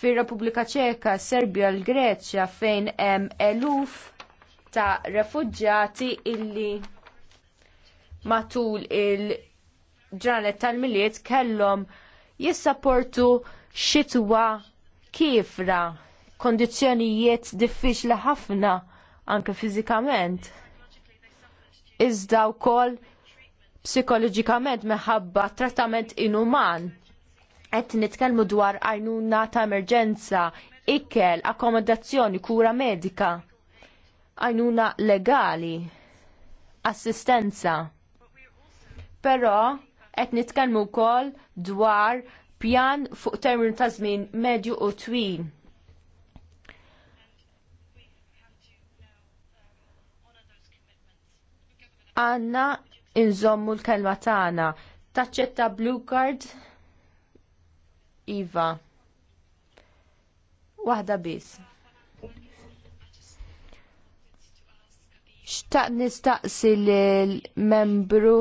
fir-Repubblika Ċeka, Serbja, l-Greċja fejn hemm eluf ta' refuġġjati illi matul il- ġranet tal-miliet kellhom jissapportu xitwa kifra, kondizjonijiet diffiċli ħafna anke fiżikament. Iżda wkoll psikoloġikament meħabba trattament inuman. Qed nitkellmu dwar għajnuna ta' emerġenza, ikel, akkomodazzjoni, kura medika, għajnuna legali, assistenza. Però qed nitkellmu wkoll dwar pjan fuq termin ta' żmien medju u twil. Għanna inżommu l-kelma tagħna. Taċċetta blue card Iva. Waħda biss. Xtaq nistaqsi l-membru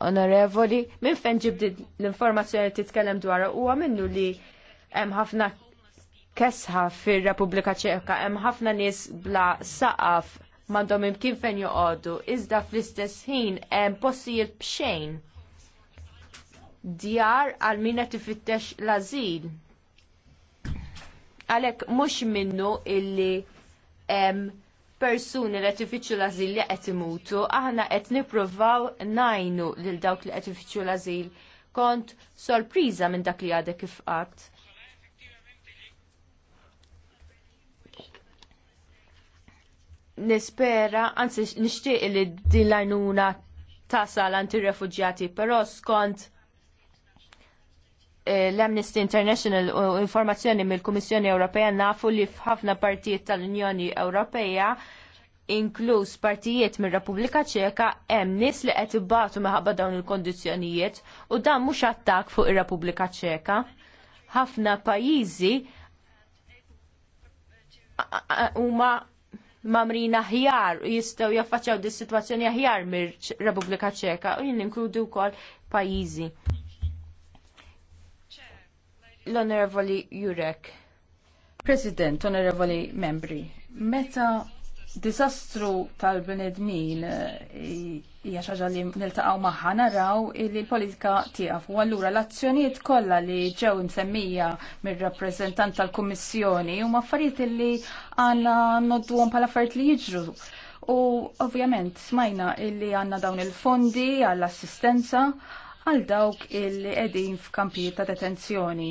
onorevoli, minn fejn ġibdi l-informazzjoni li titkellem dwar huwa minnu li hemm ħafna kesħa fir-Repubblika Ċeka, hemm ħafna nies bla saqaf m'għandhom imkien fejn joqogħdu, iżda fl-istess ħin hemm possijiet b'xejn. Djar għal min qed ifittex l-ażil. Għalhekk mhux minnu illi hemm persuni li qed ifittxu l-azil li qed imutu, aħna qed nippruvaw najnu lil dawk li qed ifittxu l-azil. Kont sorpriża minn dak li għadek kif qatt. Nispera, anzi nixtieq li din l-għajnuna tasal anti-refuġjati, però skont Eh, l-Amnesty International u informazzjoni mill-Kummissjoni Ewropea nafu li f'ħafna partijiet tal-Unjoni Ewropea inkluż partijiet mir repubblika Ċeka hemm nies li qed ibatu minħabba dawn il-kondizzjonijiet u dan mhux attak fuq ir-Repubblika Ċeka. Ħafna pajjiżi huma mamrin aħjar u jistgħu jaffaċċjaw dis-sitwazzjoni aħjar mir-Repubblika Ċeka u jien inkludu wkoll pajjiżi l-Onorevoli Jurek. President, Onorevoli Membri, meta disastru tal-bnedmin eh, hija xaġa li niltaqgħu magħha naraw li l-politika tieqaf u allura l-azzjonijiet kollha li ġew msemmija mir-rappreżentant tal-Kummissjoni huma affarijiet li għandna noddhom bħala affarijiet li jiġru. U ovvjament smajna illi għandna dawn il-fondi għall-assistenza għal dawk illi qegħdin f'kampijiet ta' detenzjoni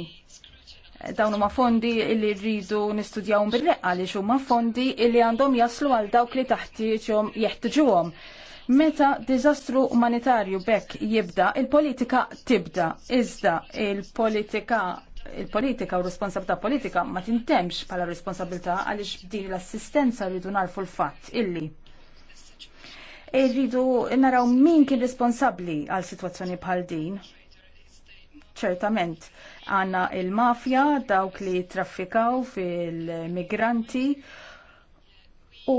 dawn huma fondi li rridu nistudjaw bil-reqqa li huma fondi li għandhom jaslu għal dawk li taħtieġhom jeħtiġuhom. Meta diżastru umanitarju bekk jibda, il-politika tibda, iżda il-politika il-politika u responsabilità politika ma tintemx bħala responsabilità għaliex b'din l-assistenza rridu narfu l-fatt illi irridu naraw min kien responsabbli għal situazzjoni bħal din. Ċertament, għanna il-mafja dawk li traffikaw fil-migranti u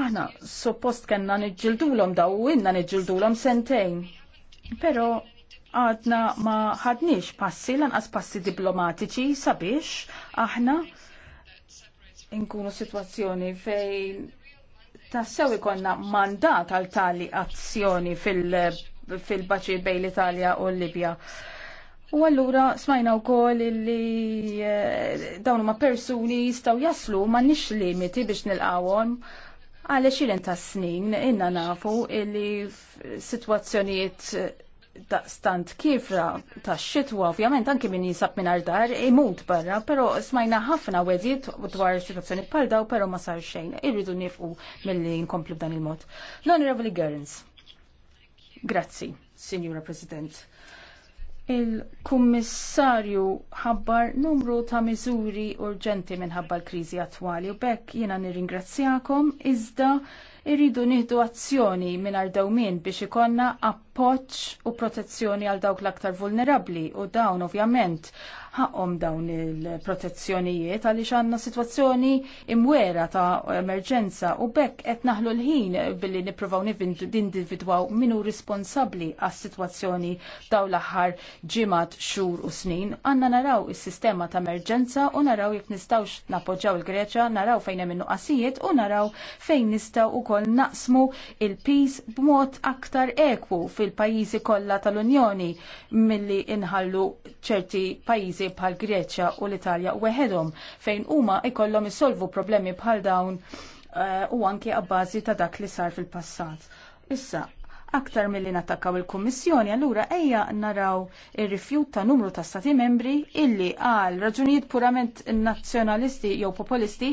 aħna suppost kena nġildulom daw u inna nġildulom sentejn. Pero għadna ma ħadniex passi lanqas passi diplomatiċi sabiex aħna inkunu situazzjoni fejn tassew ikonna mandat għal tali azzjoni fil- fil-baċir bej l-Italja u l-Libja. U allura smajna wkoll li eh, dawn ma persuni jistgħu jaslu ma nix limiti biex nil-għawon għal xilin ta' snin inna nafu illi eh, ta' stant kifra ta' xitwa, ovvjament anki min jisab minn dar imut barra, pero smajna ħafna wedit dwar situazzjoniet bħal daw, pero ma sar xejn, irridu nifqu mill-li nkomplu b'dan il-mod. non honorable Gerns. Grazzi, Signora President. Il-Kummissarju ħabbar numru ta' miżuri urġenti minħabba l-kriżi attwali u bekk jiena nirringrazzjakom iżda irridu nieħdu azzjoni mingħajr dawmien biex ikonna appoġġ u protezzjoni għal dawk l-aktar vulnerabbli u dawn ovvjament ħaqhom dawn il-protezzjonijiet għaliex għandna sitwazzjoni imwera ta' emerġenza u bekk qed naħlu l-ħin billi nippruvaw nindividwaw minu responsabbli għas-sitwazzjoni dawn l-aħħar ġimgħat xhur u snin. Għandna naraw is-sistema ta' emerġenza u naraw jekk nistgħux napoġġaw il-Greċja, naraw fejn hemm in u naraw fejn nistgħu wkoll naqsmu il-pis b'mod aktar ekwu fil-pajjiżi kollha tal-Unjoni milli inħallu ċerti pajjiżi pajjiżi bħal Greċja u l-Italja weħedhom fejn huma jkollhom isolvu problemi bħal dawn eh, u anke abbażi ta' dak li sar fil-passat. Issa, aktar milli nattakkaw il-Kummissjoni, allura ejja naraw ir-rifjut ta' numru ta' stati membri illi għal raġunijiet purament nazzjonalisti jew populisti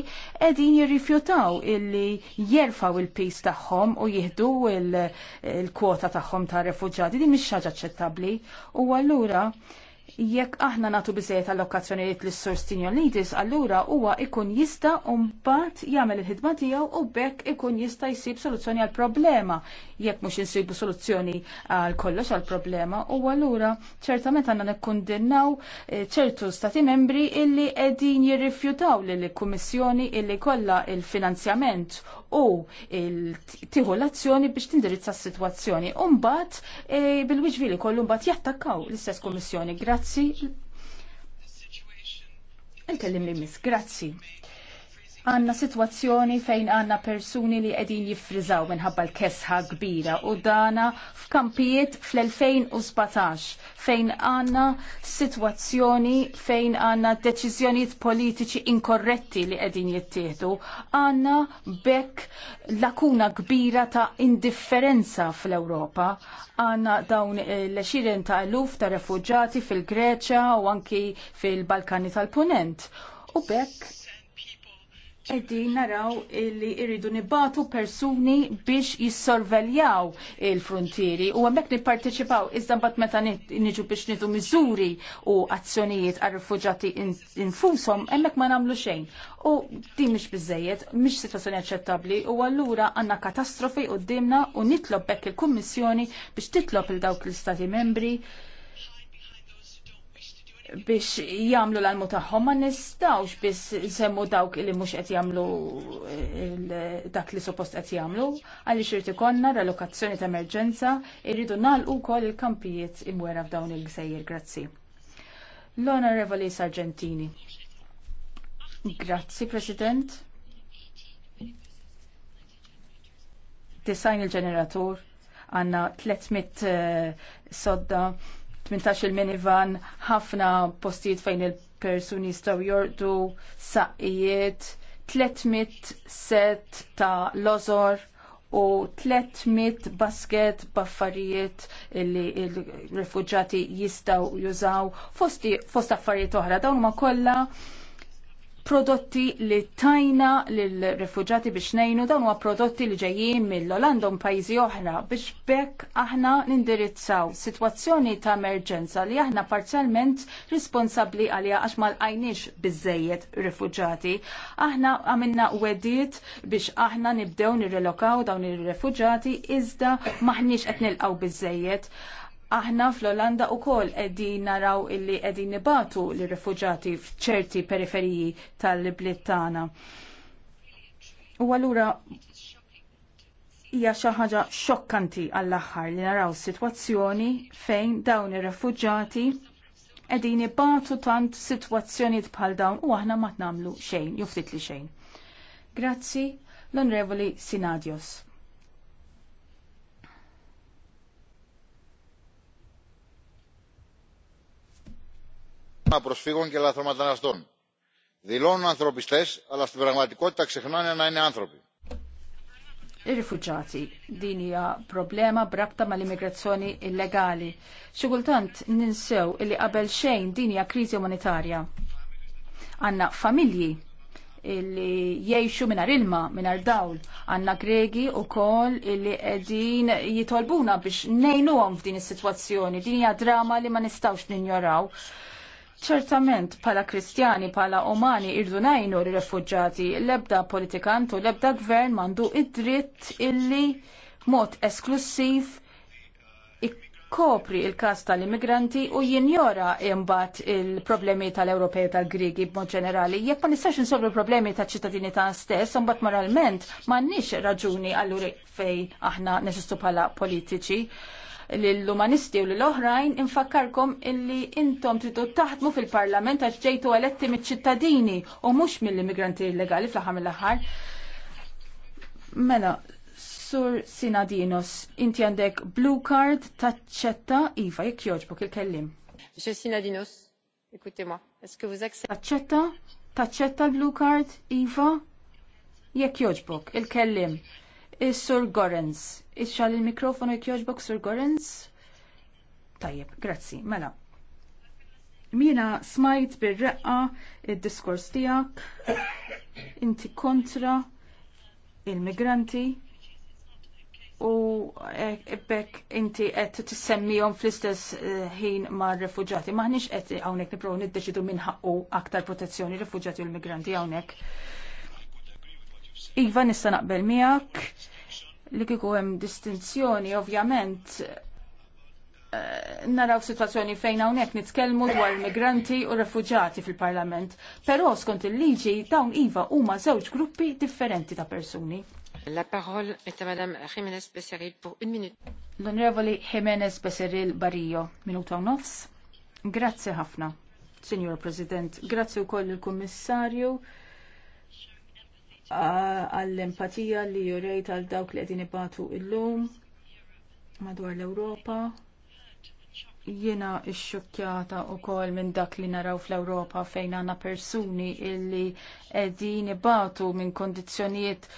edin jirrifjutaw illi jerfaw il-pis tagħhom u jihdu il-kwota tagħhom ta', refugġati din mhix ħaġa ċettabli u allura Jekk aħna natu biżejjed allokazzjonijiet lis sur Leaders, allura huwa ikun jista' mbagħad jagħmel il-ħidma tiegħu u bekk ikun jista' jsib soluzzjoni għal problema jekk mhux insibu soluzzjoni għal kollox għal problema u allura ċertament għandna nikkundinnaw eh, ċertu stati membri illi qegħdin jirrifjutaw lill kummissjoni illi kollha il-finanzjament u tieħu l-azzjoni biex tindirizza s-sitwazzjoni. mbagħad eh, bil-wiġvili kollu mbagħad jattakkaw l-istess kummissjoni. Grazzi Grazzi. il li mis, grazzi għanna situazzjoni fejn għanna persuni li għedin jiffrizaw minħabba l-kesħa kbira u dana f'kampijiet fl-2017 fejn għanna situazzjoni fejn għanna deċizjoniet politiċi inkorretti li għedin jittieħdu għanna bekk lakuna kbira ta' indifferenza fl-Europa għanna dawn l-20 ta' eluf ta' refugġati fil-Greċa u anki fil-Balkani tal-Punent u bekk Qegħdin naraw li irridu nibatu persuni biex jissorveljaw il-frontieri u għamek nipparteċipaw iżda bat meta niġu biex nidu miżuri u azzjonijiet għal rifugjati infusom, hemmhekk ma namlu xejn. U din mhix biżejjed, mhix situazzjoni aċċettabbli u allura għandna katastrofi u dimna u nitlob bekk il-Kummissjoni biex titlob il dawk l-Stati membri biex jamlu l-almu taħħom ma nistawx biex semmu dawk li mux qed jamlu eh, dak li suppost qed jamlu għalli xirti konna relokazzjoni ta' emerġenza irridu nalqu kol il-kampijiet imwera f'dawn il-gżejjer grazzi. L-Onorevoli Sargentini. Grazzi, President. Design il-ġeneratur għanna 300 eh, sodda 18 il-minivan, ħafna postijiet fejn il-persuni jistaw jordu, saqijiet 300 set ta' lozor u 300 basket baffarijiet li il-refugġati jistaw jużaw fost affarijiet oħra. Dawn ma kolla prodotti li tajna lil refuġati biex nejnu dan huwa prodotti li ġejjin mill-Olanda un pajjiżi oħra biex bekk aħna nindirizzaw sitwazzjoni ta' emerġenza li aħna parzjalment responsabbli għalija għax ma lqajniex biżejjed rifuġati. Aħna għamilna wedit biex aħna nibdew nirrelokaw dawn ir-refuġati iżda maħniex qed nilqgħu biżejjed. Aħna fl-Olanda u kol edin naraw illi edin nibatu li rifugġati fċerti periferiji tal-bliet tagħna. U allura hija xi ħaġa xokkanti għall-aħħar li naraw sitwazzjoni fejn dawn ir-refuġġati qegħdin ibatu tant sitwazzjonijiet bħal dawn u aħna ma tnamlu xejn, juftit li xejn. Grazzi l-Onorevoli Sinadios. προσφύγων και λαθρομεταναστών. Δηλώνουν ανθρωπιστές, αλλά στην πραγματικότητα ξεχνάνε να είναι άνθρωποι. Ir-rifuġati din hija problema brabta mal-immigrazzjoni illegali. Xi kultant ninsew li qabel xejn din hija kriżi umanitarja. Għandna familji illi jgħixu minar ilma, minar dawl. għandna gregi u kol illi qegħdin jitolbuna biex ngħinuhom f'din is sitwazzjoni Din hija drama li ma nistgħux ninjoraw ċertament pala kristjani, pala umani irdu najnu r-refugġati, lebda politikantu, lebda gvern mandu id-dritt illi mod esklusiv ikkopri il-kas tal-immigranti u jinjora imbat il-problemi tal-Ewropej tal-Grigi b'mod ġenerali. Jekk ma nistax insolvu problemi tal-ċittadini ta' stess, imbat moralment m'għandniex raġuni allura fej aħna neġistu pala politiċi l umanisti u lill-oħrajn infakkarkom illi intom tridu taħdmu fil-parlament għax ġejtu eletti mill-ċittadini u mhux mill-immigranti illegali fl-aħħar mill-aħħar. Mela, Sur Sinadinos, inti għandek blue card taċċetta Iva, jekk joġbok il-kellim. Sur Sinadinos, ikutima, eske est-ce Taċċetta? Taċċetta l-blue card, Iva? Jekk joġbok, il-kellim. Is-Sur Gorens. Ixxal il-mikrofonu jkjoġbok Sur Gorens? Tajjeb, grazzi, mela. Mina smajt bir-reqqa il-diskors tijak, inti kontra il-migranti u ebbek inti qed tissemmihom fl-istess eh, ħin ma' refuġati. Maħniex qed hawnhekk nipprovu niddeċidu minn ħaqqu aktar protezzjoni refuġati u l-migranti hawnhekk Iva nista' naqbel miegħek li kieku hemm distinzjoni ovvjament eh, naraw situazzjoni fejn hawnhekk nitkellmu dwar migranti u refuġati fil-Parlament. Però skont il-liġi dawn iva huma żewġ gruppi differenti ta' persuni. La parole est à Madame Jiménez Becerril pour une minute. L'Onorevoli Jiménez Becerril Barrio, minuta u nofs. Grazie ħafna, Signor President. Grazie u il commissario għall-empatija li jurejt għal dawk li għedin ibatu illum madwar l-Europa. Jiena xokkjata u kol minn dak li naraw fl-Europa fejn għanna persuni illi għedin ibatu minn kondizjoniet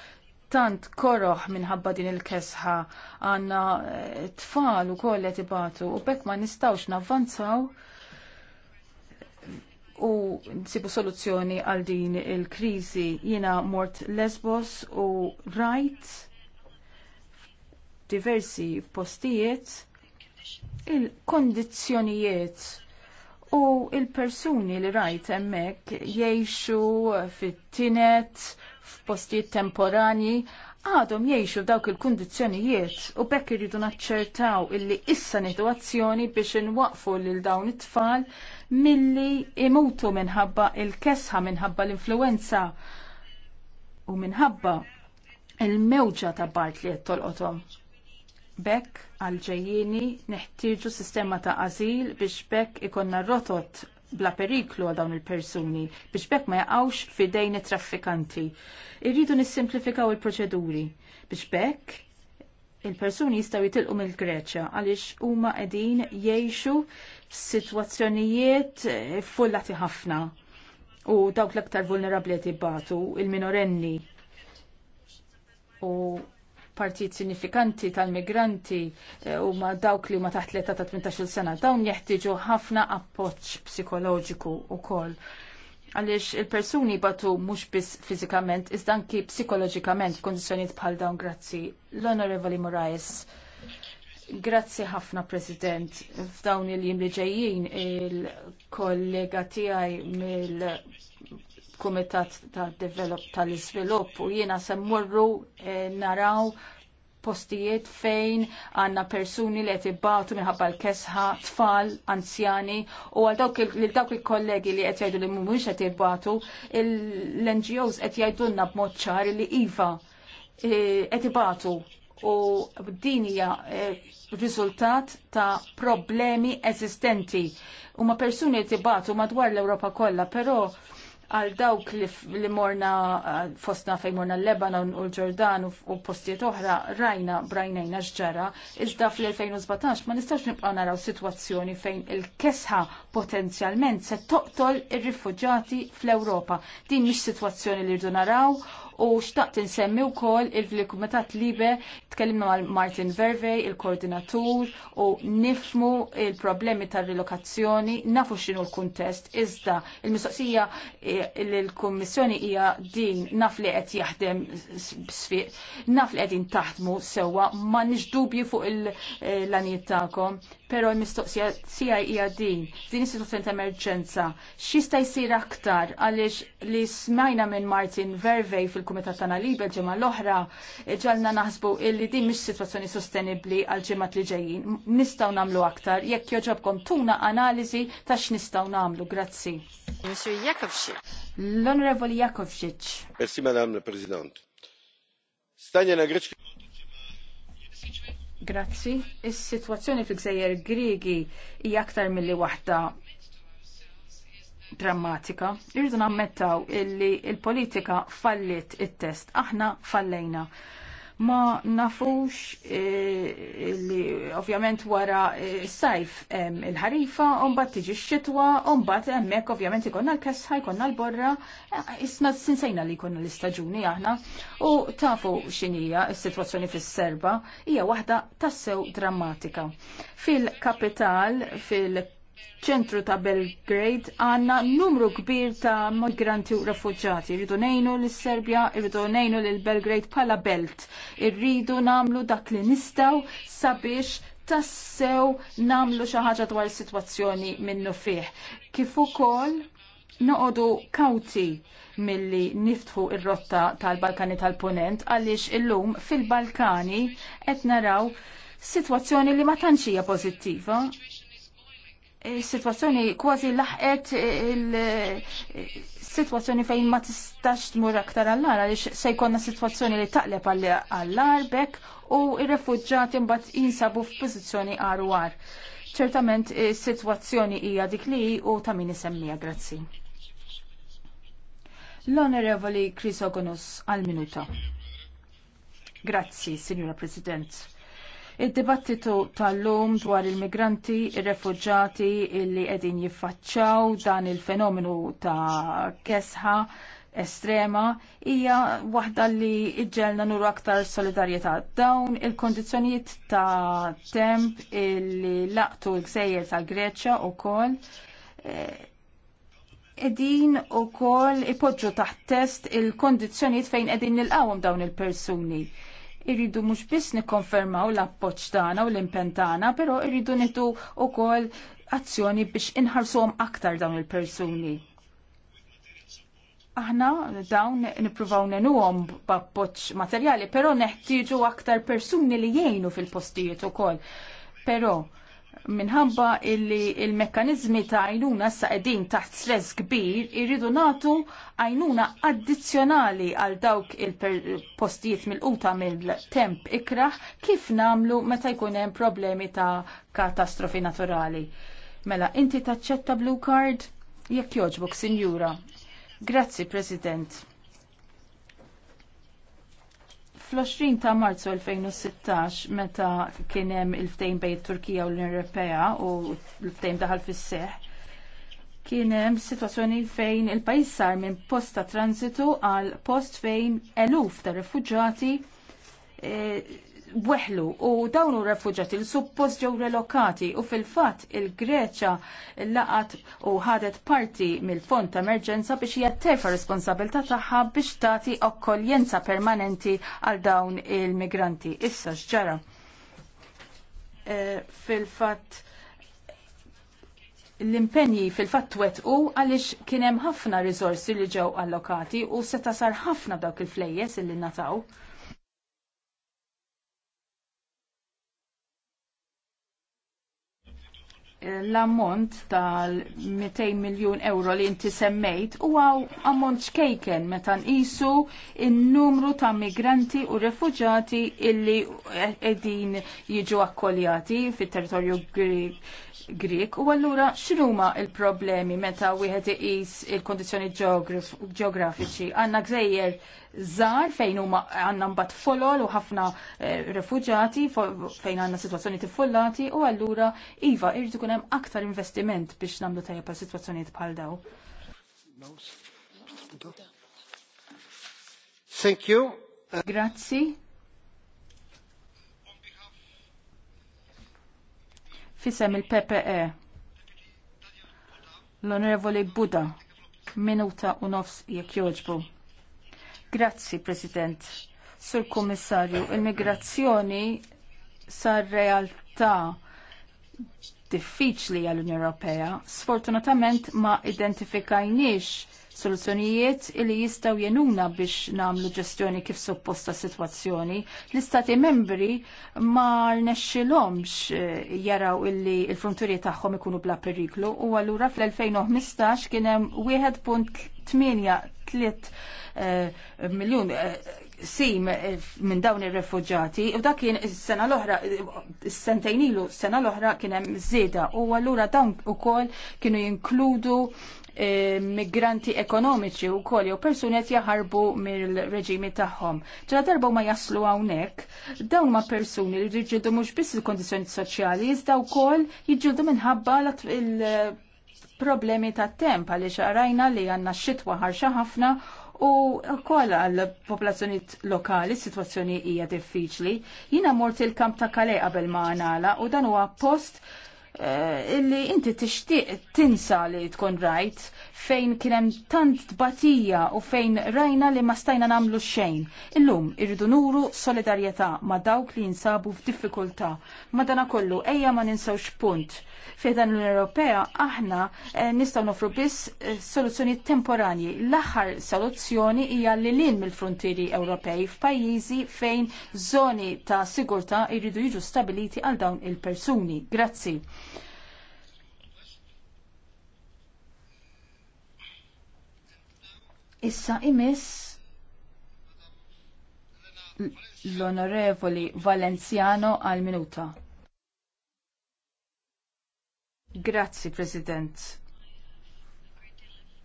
tant koroħ minħabba din il-kesħa għanna eh, tfal u koll ibatu u bekk ma nistawx navvanzaw u nsibu soluzzjoni għal din il-krizi. Jina mort Lesbos u rajt diversi postijiet il-kondizjonijiet u il-persuni li rajt emmek jiexu fit-tinet f'postijiet temporani għadhom jiexu dawk il-kondizjonijiet u bekk irridu naċċertaw illi issa nitwazzjoni biex inwaqfu lil dawn it-tfal milli imutu minħabba il-kesħa minħabba l-influenza u minħabba il-mewġa ta' Bart li jettolqotom. Bekk għal-ġejjini neħtieġu sistema ta' azil biex bekk ikonna rotot bla periklu għal dawn il-persuni biex bekk ma jaqgħux fidejn it-traffikanti. Irridu nissimplifikaw il-proċeduri biex bekk il-persuni jistgħu jitilqu mill-Greċja għaliex huma qegħdin jgħixu situazzjonijiet eh, fullati ħafna u dawk l-aktar vulnerabli batu il-minorenni u partijiet sinifikanti tal-migranti eh, u ma dawk li ma taħt l-età ta' 18 sena dawn jeħtieġu ħafna appoġġ psikoloġiku wkoll għaliex il-persuni batu mux biss fizikament, iżda anki psikoloġikament f'kundizzjonijiet bħal dawn grazzi. L-Onorevoli Moraes. Grazzi ħafna President. F'dawn il-jiem li ġejjin il-kollega tiegħi mill-Kumitat tal-Develop tal-Iżvilupp u jiena semmurru eh, naraw postijiet fejn għanna persuni li qed minħabba l-kesħa tfal, anzjani u għal dawk il-kollegi li qed jgħidu li mhumiex qed l-NGOs qed jgħidulna b'mod ċar li iva eh, qed ibatu u din eh, riżultat ta' problemi eżistenti. ma' persuni tibatu madwar l-Ewropa kollha, però għal dawk li morna fostna fejn morna l-Lebanon u l-Ġordan u postiet oħra rajna brajnejna xġara, iżda fl-2017 ma nistax nibqa' naraw sitwazzjoni fejn il-kesħa potenzjalment se toqtol ir rifugġati fl-Ewropa. Din mhix sitwazzjoni li rdu naraw u xtaqt insemmi wkoll il-Kumitat Libe tkellimna ma Martin Vervey, il-koordinatur u nifmu il-problemi tar-relokazzjoni, nafu x'inhu l-kuntest iżda il-mistoqsija eh, il-Kummissjoni hija din naf li qed jaħdem sfiq, naf li qed jintaħdmu sewwa, ma nix dubji fuq il-lanijiet eh, tagħkom. Pero l-mistoqsija tiegħi hija din, din is-sitwazzjoni ta' emerġenza. Xista' jsir aktar għaliex li smajna minn Martin Vervej fil-Kumitat tagħna Libel ġimgħa l-oħra e, ġalna naħsbu illi din mhix sitwazzjoni sostenibbli għal ġimgħat li ġejjin. Nistgħu nagħmlu aktar jekk joġobkom tuna analiżi ta' x'nistgħu nagħmlu. Grazzi. Monsieur Jakovčić. L-Onorevoli Merci Madame la President. Stanja na Grazzi. Is-sitwazzjoni fil-Gżejjer Griegi hija aktar milli waħda drammatika. Irridu nammettaw illi il-politika fallit it-test. Aħna fallejna ma nafux eh, li ovvjament wara eh, sajf il-ħarifa, umbat tiġi x-xitwa, umbat emmek ovvjament ikonna l kessħa ikonna l-borra, eh, isna sinsejna li ikonna l-istagġuni aħna. U tafu xinija s-situazzjoni fis-serba, hija waħda tassew drammatika. Fil-kapital, fil-kapital, ċentru ta' Belgrade għanna numru kbir ta' migranti u refugġati. Rridu nejnu l-Serbja, rridu nejnu l-Belgrade pala belt. Irridu namlu dak li nistaw sabiex tassew namlu xaħġa dwar situazzjoni minnu fih. Kif ukoll noqodu kawti milli niftħu ir-rotta tal-Balkani tal-Ponent għaliex illum fil-Balkani qed naraw situazzjoni li ma tantxija pożittiva situazzjoni kważi laħqet il-situazzjoni fejn ma tistax tmur aktar għall-lar għaliex se jkollna situazzjoni li taqleb għall għarbek u r refuġġati mbagħad jinsabu f'pożizzjoni għar għar Ċertament is-sitwazzjoni hija dik li u ta' min isemmija grazzi. L-Onorevoli Chris Ogonus għal-minuta. Grazzi, Signora President il dibattitu tal-lum dwar il-migranti, il-refugġati illi qegħdin jiffaċċaw dan il-fenomenu ta' kesħa estrema hija waħda li iġġelna nuru aktar solidarjetà. Dawn il-kondizzjonijiet ta' temp illi laqtu l-gżejjer ta' Greċja wkoll eh, edin u kol ipoġġu taħt test il-kondizjoniet fejn edin nilqawum dawn il-persuni irridu mhux biss nikkonfermaw l-appoġġ tagħna u l-impenn tagħna, però irridu nitu wkoll azzjoni biex inħarsuhom aktar dawn il-persuni. Aħna dawn nippruvaw nenuhom b'appoġġ materjali, però neħtieġu aktar persuni li jgħinu fil-postijiet ukoll. Però minħabba illi il-mekkanizmi ta' għajnuna sa' edin taħt stress kbir irridu natu għajnuna addizzjonali għal dawk il-postijiet mill-quta mill-temp ikraħ kif namlu meta jkun hemm problemi ta' katastrofi naturali. Mela, inti taċċetta blue card? Jekk joġbok, sinjura. Grazzi, President. Fl-20 ta' Marzu 2016, meta kien hemm il-ftejn bejn Turkija u l-Unjoni Ewropea u l-ftejn daħal fis-seħ, kien hemm sitwazzjoni fejn il-pajjiż sar minn post ta' transitu għal post fejn eluf ta' rifuġġati eh, weħlu u dawn u refuġati l suppost ġew relokati u fil-fatt il-Greċa laqat u ħadet parti mill-fond ta' emerġenza biex jattefa responsabilta responsabilità tagħha biex tagħti okkoljenza permanenti għal dawn il-migranti. Issa x'ġara. E, fil-fatt l-impenji fil-fatt wetqu għaliex kien hemm ħafna rizorsi li ġew allokati u seta sar ħafna dawk il-flejjes illi nataw. l-ammont tal-200 miljon euro li inti semmejt huwa ammont xkejken meta nqisu il numru ta' migranti u refuġati illi qegħdin jiġu akkoljati fit-territorju Grik u allura x'inhuma l-problemi meta wieħed iqis il kondizjoni ġeografiċi. Għandna gżejjer żgħar fejn huma għandna mbagħad folol u ħafna eh, refuġati fejn għandna sitwazzjoni tiffollati u allura iva irridu ikun hemm aktar investiment biex nagħmlu tajjeb għal sitwazzjonijiet bħal daw. Thank you. Grazzi. Fisem il-PPE. L-Onorevoli Buda. Minuta u nofs jekk joġbu. Grazzi, President. Sur Kommissarju, il-migrazzjoni sar realtà diffiċli għall-Unjoni Ewropea. Sfortunatament ma identifikajniex soluzzjonijiet li jistaw jenuna biex namlu ġestjoni kif supposta situazzjoni. L-istati membri ma rnexxilhomx eh, jaraw illi il-frontieri tagħhom ikunu bla periklu u allura fl-2015 kien hemm 1.83 eh, miljun eh, sim minn dawn ir-refuġati u dak kien is-sena l-oħra sentejn ilu sena l-oħra kien hemm żieda u allura dawn ukoll kienu jinkludu migranti ekonomiċi u koll jew persuni qed jaħarbu mill-reġimi tagħhom. Ġara darba ma jaslu hawnhekk, dawn ma persuni li jiġġieldu mhux biss il-kondizzjoni soċjali, iżda wkoll jiġġieldu minħabba il- problemi ta' temp għaliex xarajna li għanna xitwa ħarxa ħafna u kol għal popolazzjoniet lokali situazzjoni hija diffiċli. Jina mort il-kamp ta' kale qabel ma' għanala u dan huwa post Eh, illi inti tixtieq tinsa li tkun rajt fejn kien hemm tant tbatija u fejn rajna li ma stajna nagħmlu xejn. Illum irridu nuru solidarjetà ma' dawk li jinsabu f'diffikultà. Madana kollu ejja ma ninsawx punt fejdan l-Unjoni Ewropea aħna eh, nistgħu nofru biss eh, soluzzjoni temporanji. L-aħħar soluzzjoni hija li lin mill-frontieri Ewropej f'pajjiżi fejn żoni ta' sigurtà jridu jiġu stabiliti għal dawn il-persuni. Grazzi. Issa imiss l-onorevoli Valenziano għal minuta. Grazzi, President.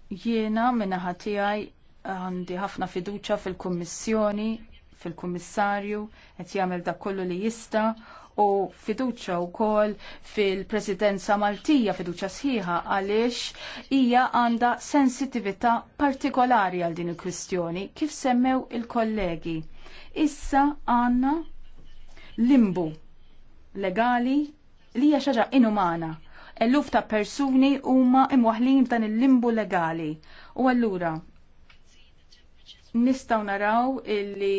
Jiena minna tiegħi għandi ħafna fiduċa fil-Kummissjoni, fil-Kummissarju, qed jagħmel dak kollu li jista' u fiduċa wkoll fil-Presidenza Maltija, fiduċa sħiħa għaliex hija għandha sensitività partikolari għal din il-kwistjoni kif semmew il-kollegi. Issa għandna limbu legali li hija xaġa inumana eluf ta' persuni huma imwaħlin f'dan il-limbu legali. U allura nistgħu naraw illi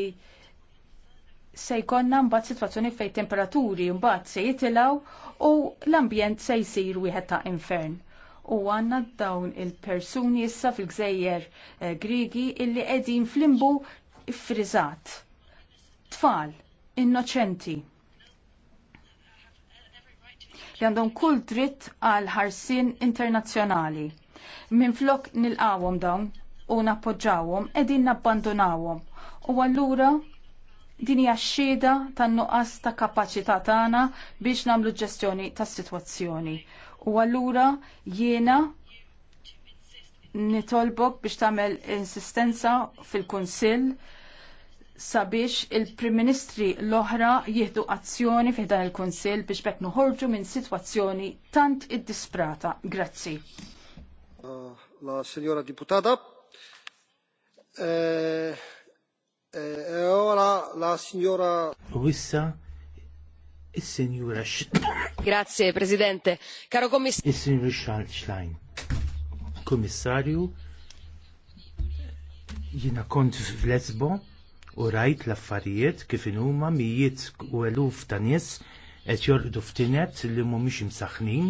se jkollna mbagħad sitwazzjoni fejn temperaturi mbagħad se jitilgħu u l-ambjent se jsir wieħed ta' infern u għanna dawn il-persuni issa fil-gżejjer eh, Grigi illi fl limbu frizzat. Tfal, innoċenti li għandhom kull dritt għal ħarsin internazzjonali. Minflok nilqawhom dawn u nappoġġawhom qegħdin nabbandonawom. U allura din hija xxieda tan-nuqqas ta' kapaċità tagħna biex nagħmlu ġestjoni tas-sitwazzjoni. U allura jiena nitolbok biex tagħmel insistenza fil-Kunsill sabiex il-Prim Ministri l-oħra jieħdu azzjoni fi dan il-Kunsill biex bekk noħorġu minn sitwazzjoni tant id-disprata. Grazzi. la Signora Diputata. Eh, eh, e, ora la Signora. Wissa. Is-Sinjura Grazie, Presidente. Caro Commissario. Il Signor Schalzlein. Commissario. jina kont f'Lesbo, u rajt l-affarijiet kif huma mijiet u eluf ta' nies qed jorqdu f'tinet li mhumiex imsaħħnin,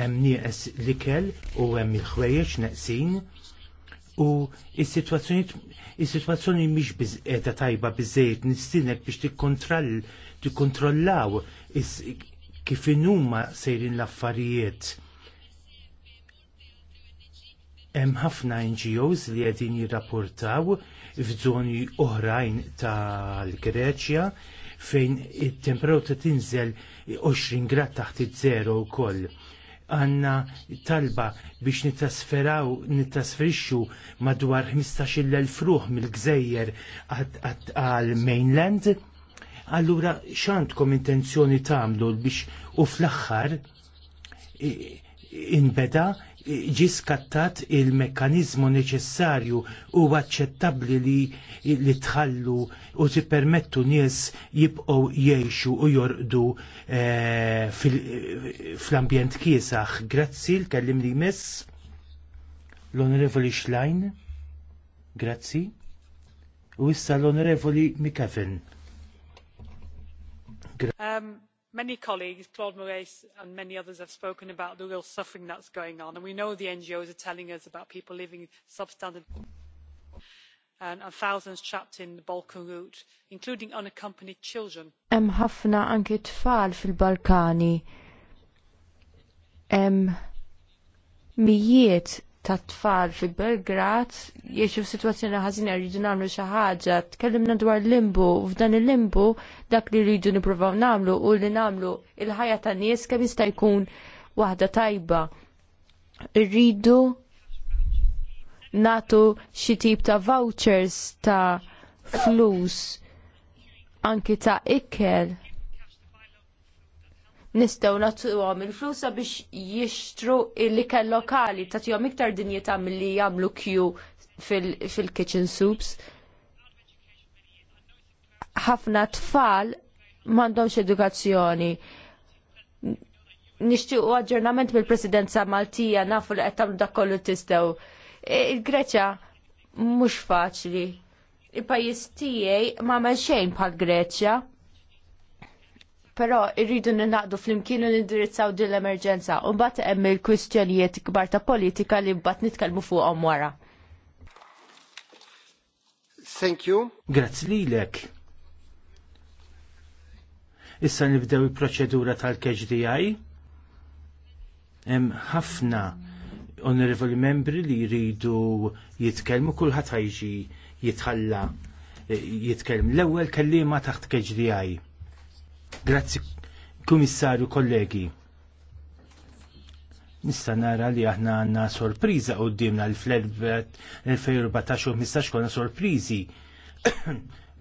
hemm nieqes l-ikel u hemm il-ħwejjeġ neqsin u is-sitwazzjoni mhix qiegħda tajba biżejjed nistinek biex tikkontroll tikkontrollaw kif huma sejrin l-affarijiet Hemm ħafna NGOs li qegħdin jirrapportaw f'żoni oħrajn tal-Greċja fejn it-temperatura tinżel 20 grad taħt iż-żero wkoll għanna talba biex nitrasferaw, nitrasferixxu madwar 15.000 fruħ mill-gżejjer għal mainland. Allura x'għandkom intenzjoni tagħmlu biex u fl-aħħar inbeda ġi skattat il-mekkanizmu neċessarju u aċċettabbli li li tħallu u tippermettu nies jibqgħu jgħixu u jorqdu e, fl-ambjent kiesaħ. Grazzi l-kellim li mess l-Onorevoli Schlein. Grazzi. U issa l-Onorevoli Mikafen. Um many colleagues claude moraes and many others have spoken about the real suffering that's going on and we know the ngos are telling us about people living in substandard and, thousands trapped in the balkan route including unaccompanied children. hemm ħafna anki tfal fil-balkani hemm mijiet ta' tfal fi Belgrad jiexu situazzjoni ħażina rridu nagħmlu xi ħaġa, tkellimna dwar limbu, u f'dan il-limbu dak li rridu nippruvaw nagħmlu u li nagħmlu il-ħajja tan nies kemm jista' jkun waħda tajba. Irridu natu xi tip ta' vouchers ta' flus anki ta' ikel nistgħu nagħtuhom il-flusa biex jixtru l-ikel lokali tagħtihom iktar dinjità milli jagħmlu kju fil-kitchen soups. Ħafna tfal m'għandhomx edukazzjoni nixtiequ aġġornament mill-Presidenza Maltija nafu li qed tagħmlu dakollu kollu tistgħu. E, Il-Greċja mhux faċli. Il-pajjiż tiegħi m'għamel xejn bħal Greċja. Però irridu ninaqdu fl u nindirizzaw din l-emerġenza u mbagħad hemm il-kwistjonijiet kbar ta' politika li mbagħad nitkellmu fuqhom wara. Thank you. Grazzi lilek. Issa nibdew il-proċedura tal kdi Hemm ħafna onorevoli membri li jridu jitkellmu kulħadd ħajġi jitħalla eh, jitkellem. L-ewwel kelliema taħt KDI. Grazzi, Kummissarju, kollegi. Nista nara li aħna għanna sorpriza dimna l-2014 u 15 konna sorprizi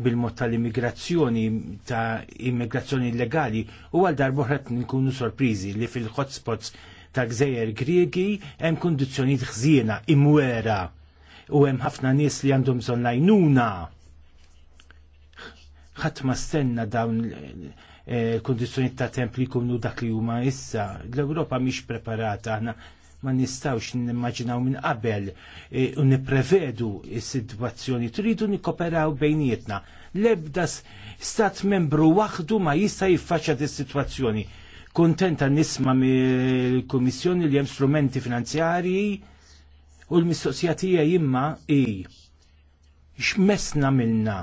bil-mod tal-immigrazzjoni ta' immigrazzjoni illegali u għal darbohret nkunu sorprizi li fil-hotspots ta' gżejjer Griegi hemm kundizzjonijiet ħżiena imwera u hemm ħafna nies li għandhom bżonn lajnuna ħadd ma stenna dawn Eh, kondizjoni ta' temp li kumnu dak li huma issa. L-Ewropa mhix preparata aħna ma nistawx nimmaġinaw minn qabel eh, u niprevedu is-sitwazzjoni tridu nikkoperaw bejnietna. L-ebda stat membru waħdu ma jista' jiffaċċja dis-sitwazzjoni. Kuntenta nisma mill-Kummissjoni li hemm strumenti finanzjarji u l-mistoqsija tiegħi imma i x'messna minnha?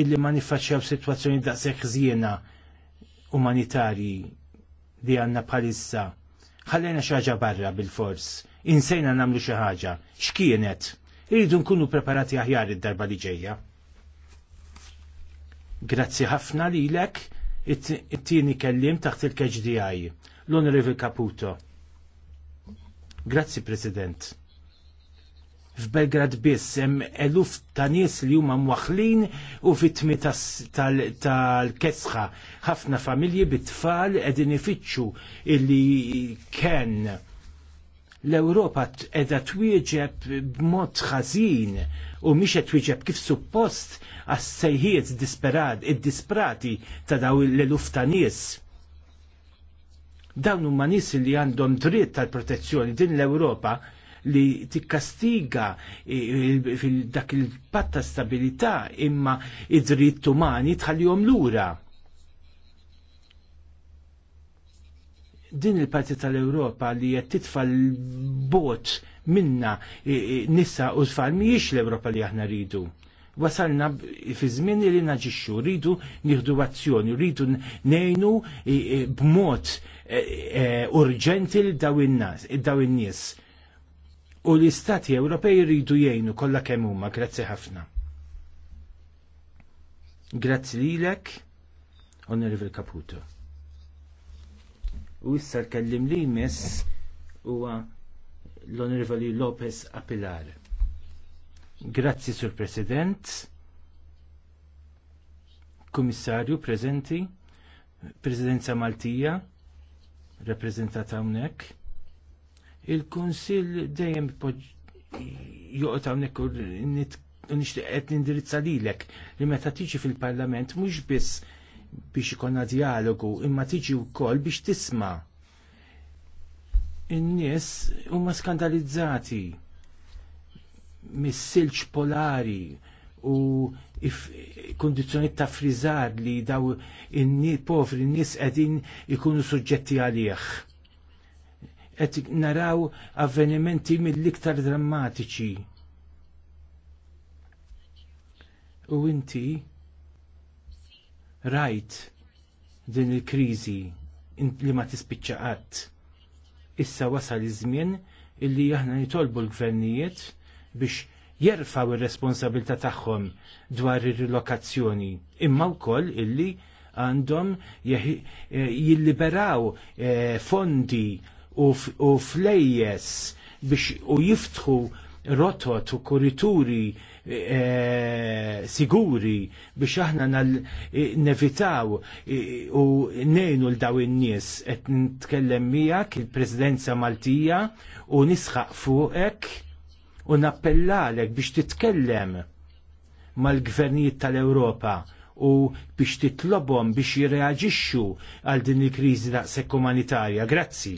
illi ma nifaċċjaw situazzjoni daqshekk żjiena umanitarji li għandna bħalissa. Ħallejna xi ħaġa barra bil-fors, insejna nagħmlu xi ħaġa. X'kienet? Iridu nkunu preparati aħjar id-darba li ġejja. Grazzi ħafna lilek it-tieni kellim taħt il-KHDI, l-Onorevil Caputo. Grazzi President f'Belgrad biss hemm eluf ta' nies li huma mwaħħlin u vittmi tal-kesħa. Ħafna familji bit-tfal qegħdin ifittxu illi kien l-Ewropa qiegħda twieġeb b'mod ħażin u mhix qed twieġeb kif suppost għas-sejħiet disperat, id-disprati ta' daw l-eluf ta' nies dawn huma nies li għandhom dritt tal-protezzjoni din l-Ewropa li tikkastiga eh, eh, dak il-patt ta' stabilità imma id-dritt umani tħallihom lura. Din il-parti tal-Ewropa li qed titfal bot minna eh, nisa u tfal mhijiex l-Ewropa li aħna rridu wasalna fi żmien li naġixxu, rridu nieħdu azzjoni, rridu nejnu b'mod urġenti l daw in-nies u l-Istati Ewropej jridu jgħinu kollha kemm huma, grazzi ħafna. Grazzi lilek, Onorevil Caputo. U issa l-kellim li jmiss huwa l-Onorevoli Lopez Apilar. Grazzi Sur President, Kummissarju prezenti, Presidenza Maltija, rappresentata hawnhekk Il-Kunsill dejjem joqgħod hawnhekk u nixtieq nindirizza lilek li meta tiġi fil-Parlament mhux biss biex ikonna dialogu imma tiġi wkoll biex tisma' in-nies huma skandalizzati mis-silġ polari u kondizjoni ta' friżar li daw in-nies povri n-nies qegħdin ikunu suġġetti għalih qed naraw avvenimenti mill-iktar drammatiċi. U inti rajt din il-kriżi li ma tispiċċa qatt. Issa wasal iż-żmien illi aħna nitolbu l-gvernijiet biex jerfaw ir-responsabilità tagħhom dwar ir-rilokazzjoni, imma wkoll illi għandhom eh, jilliberaw eh, fondi u flejjes biex u jiftħu rotot u kurituri e, siguri biex aħna eh, nevitaw e, u nejnu l-daw in-nies qed nitkellem miegħek il-Presidenza Maltija u nisħaq fuqek u nappellalek biex titkellem mal-gvernijiet tal-Ewropa u biex titlobhom biex jirreaġixxu għal din il-kriżi daqshekk umanitarja. Grazzi.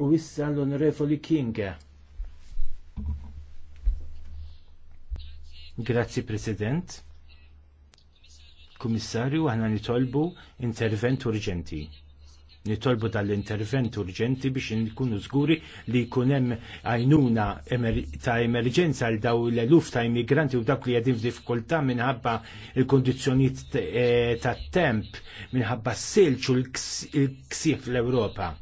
U issa l-Onorevoli Kinga. Grazzi President. Kummissarju, aħna nitolbu intervent urġenti. Nitolbu dal-intervent urġenti biex nkunu żguri li jkun hemm għajnuna emer ta' emerġenza għal daw l-eluf ta' immigranti u dak li għadin f'difkultà minħabba il-kondizzjonijiet eh, ta' temp, minħabba s-silċ u l-ksif l-Ewropa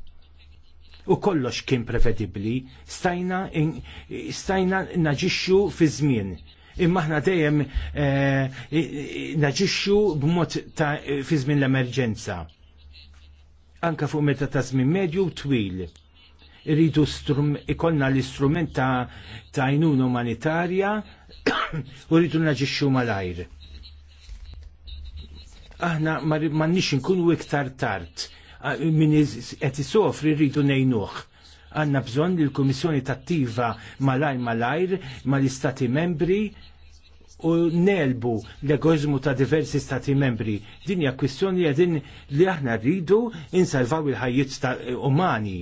u kollox kien prevedibbli, stajna, stajna naġixxu fi żmien. Imma aħna dejjem eh, naġixxu b'mod ta' fi żmien l-emerġenza. Anka fuq meta ta' żmien medju u twil rridu ikonna l-istrument ta' tajnuna umanitarja u rridu naġixxu mal-ajr. Aħna ma nix nkunu iktar tard Ah, min qed isofri rridu ngħinuh. Għanna bżonn li l-Kummissjoni tattiva malajr malajr mal-Istati membri u nelbu l-egoizmu ta' diversi stati membri. Din hija kwistjoni għedin li aħna rridu insalvaw il-ħajjiet umani.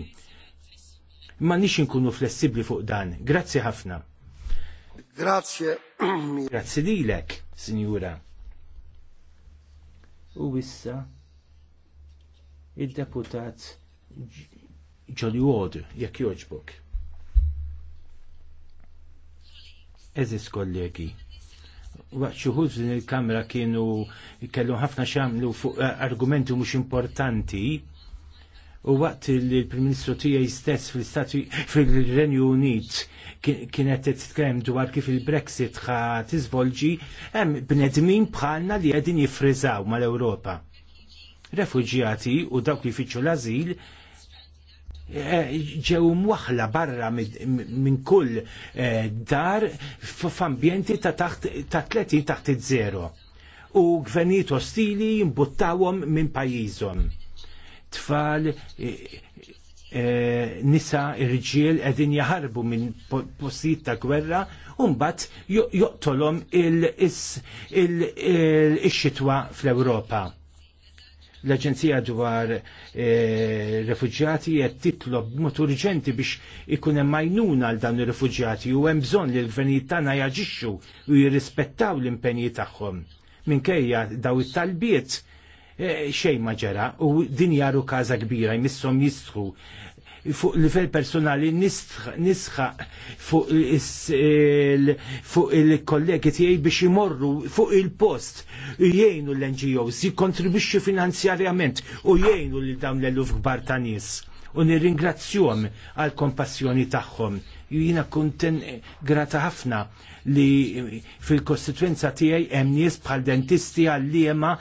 Ma nix nkunu flessibli fuq dan. Grazzi ħafna. Grazie. Grazie lilek, signora. U issa il-deputat Jolly Ward, jekk jogħġbok. Eżis kollegi, waqt din il-kamra kienu kellu ħafna xamlu fuq eh, argumenti mhux importanti u waqt il prim Ministru tiegħi stess fil-Stati fil-Renju Unit kienet t-tkrem dwar kif il-Brexit ħa tiżvolġi hemm bnedmin bħalna li qegħdin jiffriżaw mal-Ewropa refuġjati u dawk li fiċu l-azil eh, ġew mwaħla barra minn kull eh, dar f'ambjenti ta' taħt ta' 30 taħt iż-żero. U gvernijiet ostili jimbuttawhom minn pajjiżhom. Tfal eh, nisa irġiel qegħdin jaħarbu minn postijiet ta' gwerra u mbagħad joqtolhom il-xitwa fl-Ewropa l-Aġenzija dwar eh, Refuġjati qed titlob mod urġenti biex ikun hemm majnuna għal dawn ir-refuġjati u hemm bżonn li l-gvernijiet tagħna jaġixxu u jirrispettaw l-impenji tagħhom. Minkejja daw it-talbiet eh, xejn ma ġara u din jaru kaza kbira jmissom jistħu fuq livell personali nisħaq fuq il-kollegi tiegħi biex imorru fuq il-post jgħinu l-NGOs, jikontribwixxu finanzjarjament u jgħinu li dawn l-eluf kbar ta' nies u nirringrazzjom għal kompassjoni tagħhom. Jina kunten grata ħafna li fil-kostituenza tiegħi hemm nies bħal dentisti għall-liema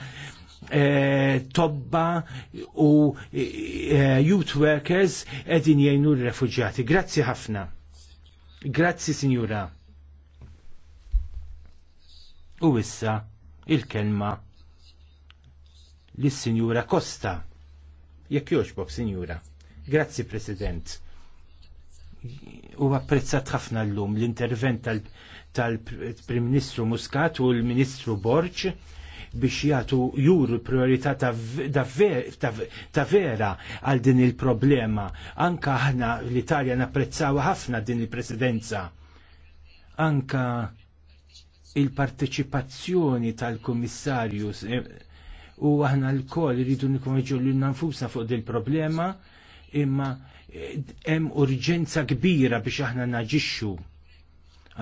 Eh, tobba u eh, eh, youth workers edin jajnu l-refugġati. Grazzi ħafna. Grazzi, Signora. U issa il-kelma lis-Sinjura Costa. Jekk joċbok, Sinjura. Grazzi, President u apprezzat ħafna l-lum l-intervent tal-Prim-Ministru Muscat u l-Ministru Borċ biex jagħtu juru priorità ta' vera għal din il-problema. Anka aħna l-Italja napprezzaw ħafna din il-presidenza. Anka il-parteċipazzjoni tal-Kummissarju eh, u aħna l-koll rridu nikonveġu l nanfusa fuq din il-problema imma eh, hemm urġenza kbira biex aħna naġixxu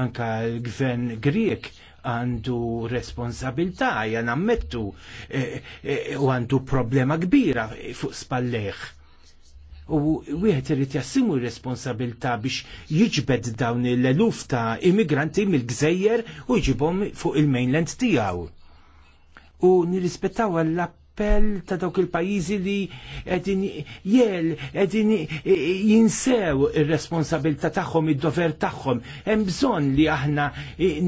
anka l-gvern Grek għandu responsabilità, jan ammettu e, e, e, u għandu problema kbira fuq spalleħ. U wieħed irid jassimu responsabilta responsabilità biex jiġbed dawn l-eluf ta' immigranti mill-gżejjer u jġibhom fuq il-mainland tiegħu. U nirrispettaw għall appell ta' dawk il-pajizi li edin jel, edin jinsew il-responsabilta tagħhom, id-dover tagħhom. Hemm bżonn li aħna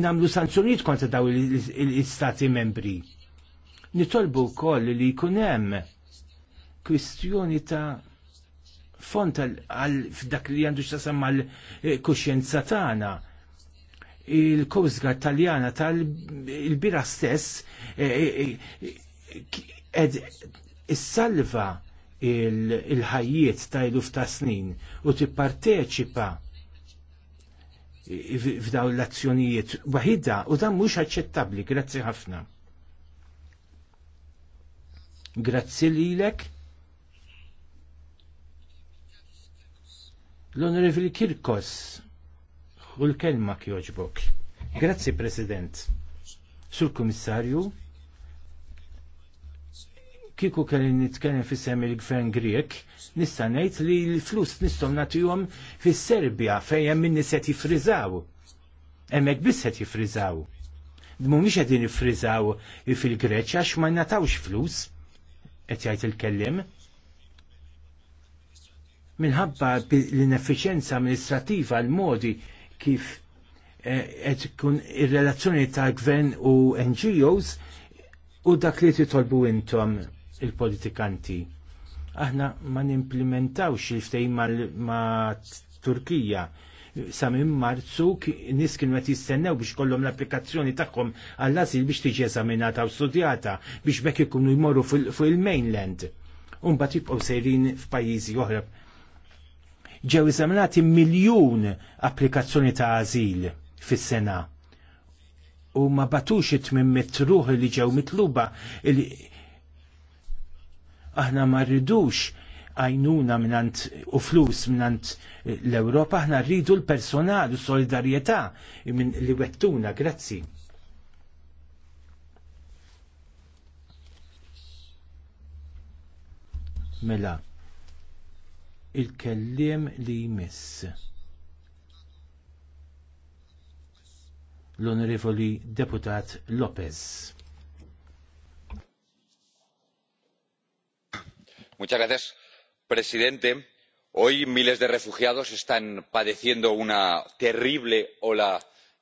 namlu sanzjonijiet kontra daw l-istati membri. Nitolbu wkoll li jkun hemm kwistjoni ta' font għal f'dak li għandu xtasam għal eh, kuxjenza tagħna il-Coast taljana tal-bira stess eh, eh, ed issalva il-ħajjiet il ta' ta' snin u tipparteċipa f'daw l-azzjonijiet waħida u dan mhux aċċettabbli, grazzi ħafna. Grazzi lilek. L-Onorevoli Kirkos, u l-kelma kjoġbok. Grazzi, President. Sur Komissarju, kiku kelli nitkellem fi semmi l-gvern Griek nista' ngħid li l-flus nistgħu nagħtihom fis-Serbja fejn hemm min se jifriżaw. Hemmhekk biss qed jifriżaw. Mhumiex qegħdin jifriżaw fil-Greċja għax ma natawx flus qed jgħid il-kellim. Minħabba l-ineffiċenza amministrativa l-modi kif eh, qed tkun ir-relazzjoni ta' gvern u NGOs u dak li titolbu intom il-politikanti. Aħna ma nimplementawx il ftej ma' Turkija. Sa minn marzu nis kienu qed jistennew biex kollhom l-applikazzjoni tagħhom għall-asil biex tiġi eżaminata u studjata biex bekk ikunu jmorru fuq il-mainland. Umbagħad jibqgħu sejrin f'pajjiżi oħra. Ġew eżaminati miljun applikazzjoni ta' ażil fis-sena u ma batux it-tmim mitruħ li ġew mitluba Aħna ma rridux għajnuna minnant u flus minnant l-Europa, aħna rridu l-personal u solidarieta minn li wettuna, grazzi. Mela, il-kellim li jmiss. L-Onorevoli Deputat Lopez. señor presidente hoy miles de refugiados están padeciendo una terrible ola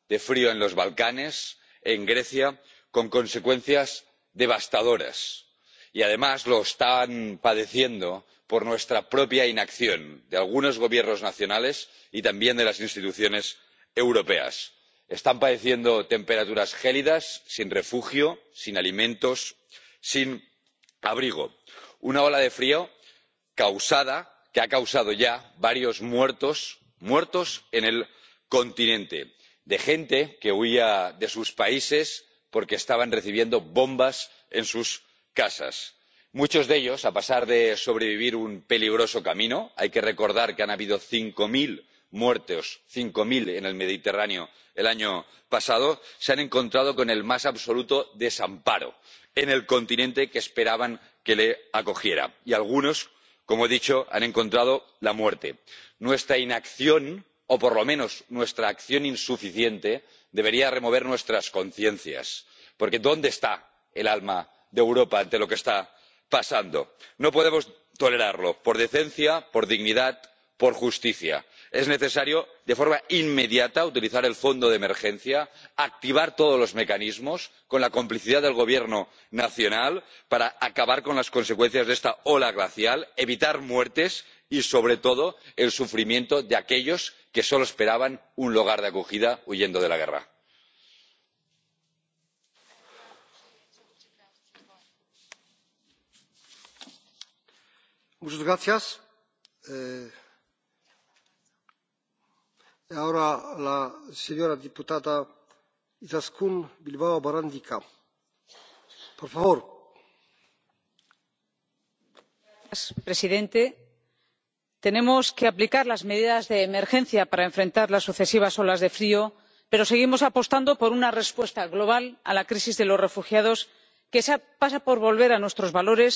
de frío en los balcanes en grecia con consecuencias devastadoras y además lo están padeciendo por nuestra propia inacción de algunos gobiernos nacionales y también de las instituciones europeas. están padeciendo temperaturas gélidas sin refugio sin alimentos sin abrigo una ola de frío causada que ha causado ya varios muertos muertos en el continente de gente que huía de sus países porque estaban recibiendo bombas en sus casas. muchos de ellos a pesar de sobrevivir un peligroso camino hay que recordar que han habido cinco mil muertos cinco mil en el mediterráneo el año pasado se han encontrado con el más absoluto desamparo en el continente que esperaban que les acogiera y algunos como he dicho han encontrado la muerte. nuestra inacción o por lo menos nuestra acción insuficiente debería remover nuestras conciencias porque dónde está el alma de europa ante lo que está pasando? no podemos tolerarlo por decencia por dignidad por justicia es necesario de forma inmediata utilizar el fondo de emergencia activar todos los mecanismos con la complicidad del gobierno nacional para acabar con las consecuencias de esta ola glacial evitar muertes y sobre todo el sufrimiento de aquellos que solo esperaban un lugar de acogida huyendo de la guerra. E ora la signora deputata Izaskun Bilbao Barandica. Por favor. Señor presidente, tenemos que aplicar las medidas de emergencia para enfrentar las sucesivas olas de frío, pero seguimos apostando por una respuesta global a la crisis de los refugiados que pasa por volver a nuestros valores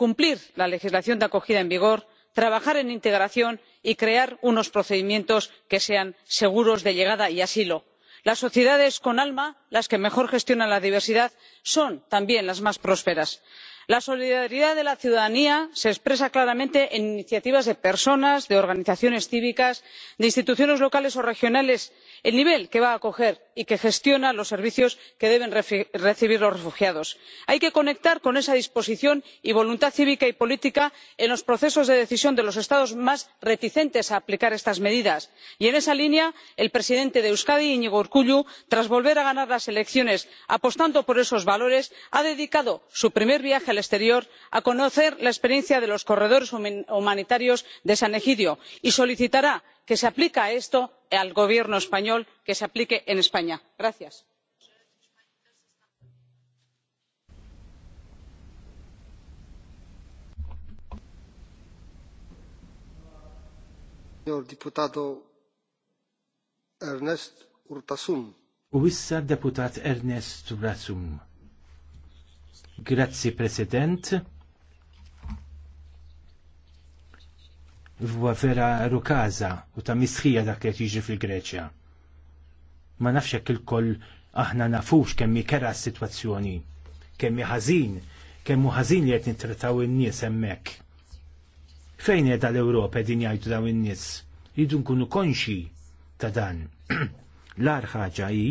cumplir la legislación de acogida en vigor trabajar en integración y crear unos procedimientos que sean seguros de llegada y asilo. las sociedades con alma las que mejor gestionan la diversidad son también las más prósperas. la solidaridad de la ciudadanía se expresa claramente en iniciativas de personas de organizaciones cívicas de instituciones locales o regionales el nivel que va a acoger y que gestiona los servicios que deben recibir los refugiados. hay que conectar con esa disposición y voluntad cívica y política en los procesos de decisión de los estados más reticentes a aplicar estas medidas y en esa línea el presidente de euskadi iñigo urkullu tras volver a ganar las elecciones apostando por esos valores ha dedicado su primer viaje al exterior a conocer la experiencia de los corredores humanitarios de san egidio y solicitará que se aplica esto al gobierno español que se aplique en españa. gracias. U issa deputat Ernest vera rukaza u ta' misħija dak li jiġri fil-Greċja. Ma nafx hekk il-koll aħna nafux kemm kera s-sitwazzjoni, kemm ħażin, kemm hu ħażin li qed nittrataw in-nies hemmhekk. Fejn qiegħda l-Ewropa din jgħidu dawn in-nies? Jidu nkunu konxi ta' dan. L-ar ħaġa hi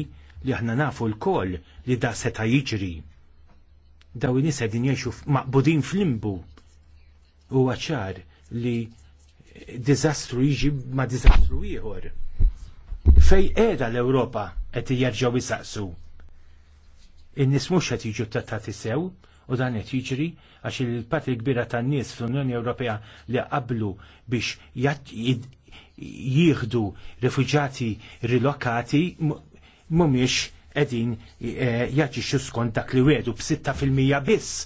li aħna nafu l-koll li da seta' jiġri. Daw in-nies qegħdin jgħixu maqbudin fl-imbu. Huwa ċar li diżastru jiġi ma diżastru ieħor. Fej qiegħda l-Ewropa qed jerġgħu jisaqsu. In-nies mhux qed jiġu trattati sew u dan qed jiġri għax il-parti kbira tan-nies fl-Unjoni Ewropea li qablu biex jieħdu rifuġati rilokati mhumiex qegħdin eh, jaġixxu skont dak li wedu b'6 fil-mija biss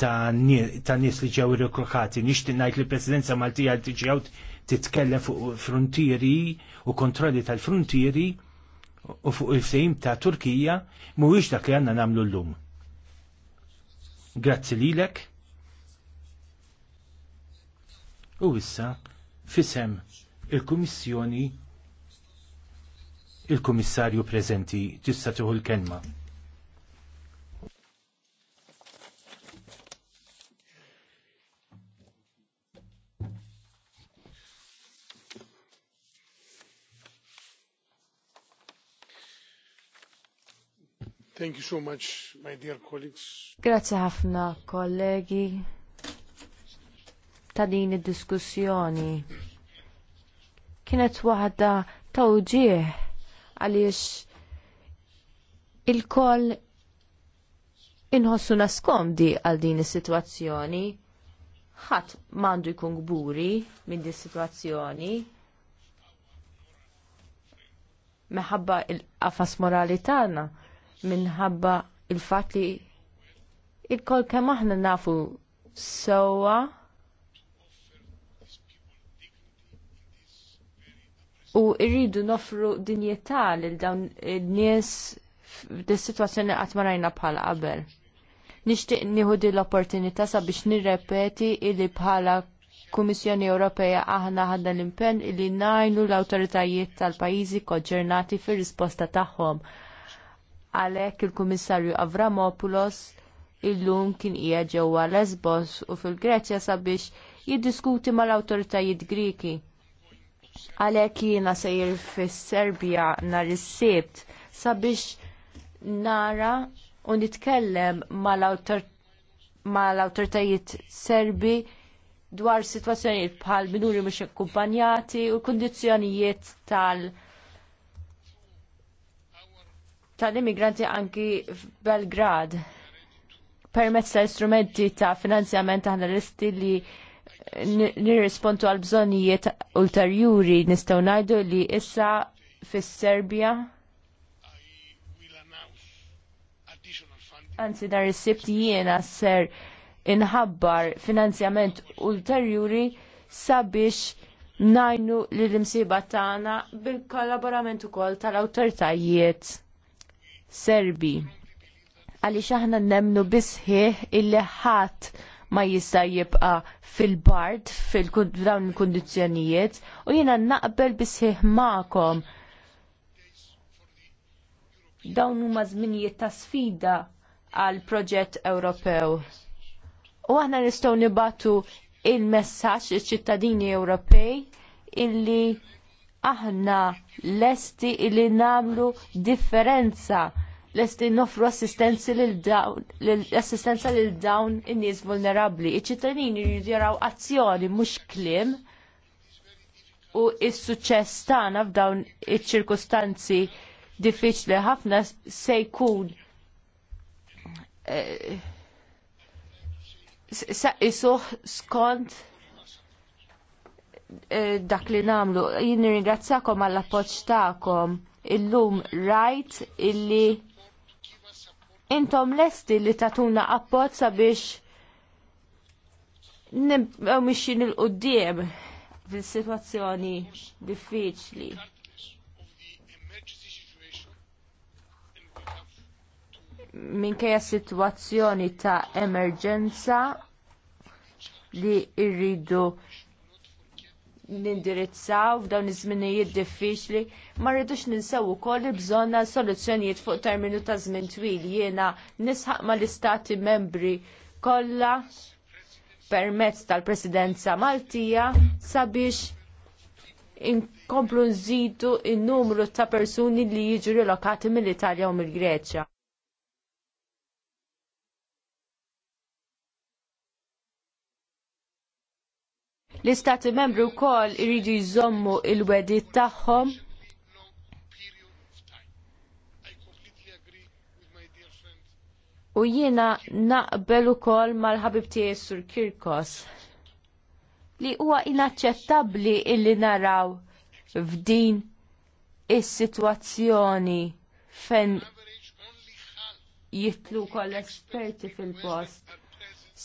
ta' nies li ġew irrekruħati. Nixtieq ngħid li l-Presidenza Maltija li tiġi titkellem fuq frontieri u kontrolli tal-frontieri u fuq il-fejm ta' Turkija mhuwiex dak li għandna nagħmlu llum. Grazzi lilek. U issa fisem il-Kummissjoni il-Kummissarju preżenti tista' tieħu l-kelma. Thank you so much, my dear colleagues. Grazie ħafna, kollegi, ta' din id-diskussjoni. Kienet waħda ta' uġieħ għaliex il-koll inħossu naskomdi għal din is-sitwazzjoni. Ħadd m'għandu jkun gburi minn din is-sitwazzjoni meħabba il-qafas morali tagħna minħabba il-fat li il-kol kem aħna nafu sewwa u rridu nofru dinjetà lil dawn in-nies f'dis-sitwazzjoni qatt ma rajna bħala qabel. Nixtieq nieħu di l-opportunità sabiex nirrepeti li bħala Kummissjoni Ewropea aħna ħadna l-impenn li najnu l-awtoritajiet tal-pajjiżi koġġernati fir-risposta tagħhom Għalhekk il-Kummissarju Avramopoulos illum kien hija ġewwa Lesbos u fil-Greċja sabiex jiddiskuti mal-awtoritajiet Griki. Għalhekk jiena sejjer fis-Serbja nhar is-Sibt sabiex nara u nitkellem mal-awtoritajiet Serbi dwar sitwazzjoni bħal minuri mhux akkumpanjati u l-kundizzjonijiet tal- tal-immigranti anki f'Belgrad permezz ta' istrumenti ta' finanzjament aħna l-isti li nirrispontu għal bżonnijiet ulterjuri nistgħu ngħidu li issa fis-Serbja Anzi dar is-sibt jiena ser inħabbar finanzjament ulterjuri sabiex najnu lill-imsiba tagħna bil-kollaborament ukoll tal-awtoritajiet Serbi. Għaliex aħna nemnu bisħieħ illi ħadd ma jista' jibqa' fil-bard fil-dawn il-kundizzjonijiet u jiena naqbel bisħieħ magħkom. Dawn huma żminijiet ta' sfida għal proġett Ewropew. U aħna nistgħu nibatu il-messaġġ iċ-ċittadini Ewropej illi aħna lesti li nagħmlu differenza lesti nofru assistenza lil dawn in-nies vulnerabbli. Iċ-ċittadini jridu jaraw azzjoni mhux kliem u s-suċċess tagħna f'dawn iċ-ċirkustanzi diffiċli ħafna se jkun eh, isuh skont Eh, dak li namlu. Jien ringrazzakom għall appoġġ tagħkom illum rajt illi intom lesti li tatuna appoġġ sabiex nibqgħu mixin il-qudiem fil-sitwazzjoni diffiċli. minkejja sitwazzjoni ta' emerġenza li rridu nindirizzaw f'dawn iż-żminijiet diffiċli, ma rridux ninsew ukoll li bżonna soluzzjonijiet fuq terminu ta' żmien twil jiena nisħaq mal istati membri kollha permezz tal-Presidenza Maltija sabiex inkomplu nżidu in-numru ta' persuni li jiġu rilokati mill-Italja u mill-Greċja. L-istati membri wkoll iridu jżommu l wedit tagħhom U jiena naqbel ukoll mal-ħabib tiegħi Sur Kirkos li huwa inaċċettabbli illi naraw f'din is-sitwazzjoni fejn jitlu kol esperti fil-post.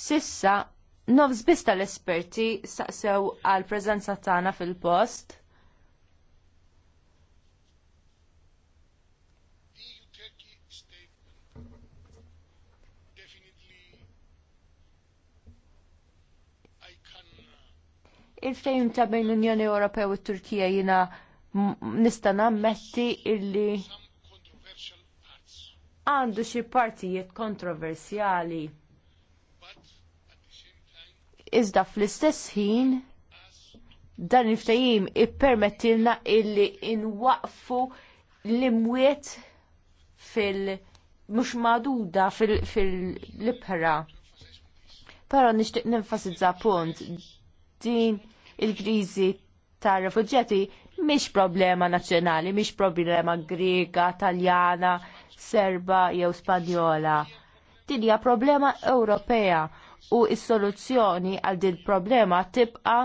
Sissa Nofs biss tal-esperti saqsew għal preżenza tagħna fil-post. il-fejn ta' bejn l-Unjoni Ewropew u Turkija jina nista' nammetti illi għandu xi partijiet kontroversjali. Iżda fl-istess ħin dan il-ftajim ippermettilna illi inwaqfu l-imwiet fil- mux maduda fil-libħra. Pero nishtiq nifasidza punt din il-krizi tar refuġjati mhix problema nazzjonali, mhix problema grega, Taljana, Serba jew Spanjola. Din hija problema Ewropea u s-soluzzjoni għal din problema tibqa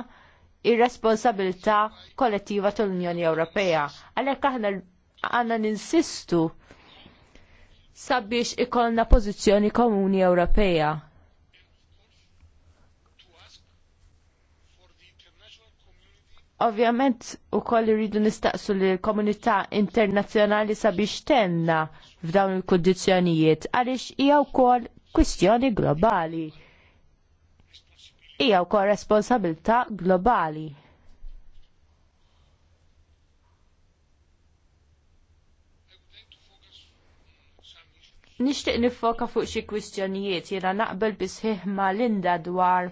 ir-responsabilità kollettiva tal-Unjoni Ewropea. Għalhekk aħna għandna ninsistu sabiex ikollna pożizzjoni komuni Ewropea. Ovvjament ukoll irridu nistaqsu lill komunità internazzjonali sabiex tenna f'dawn il kundizzjonijiet għaliex hija wkoll kwistjoni globali hija wkoll responsabilità globali. Nixtieq nifoka fuq xi kwistjonijiet jiena naqbel bisħih ma' Linda dwar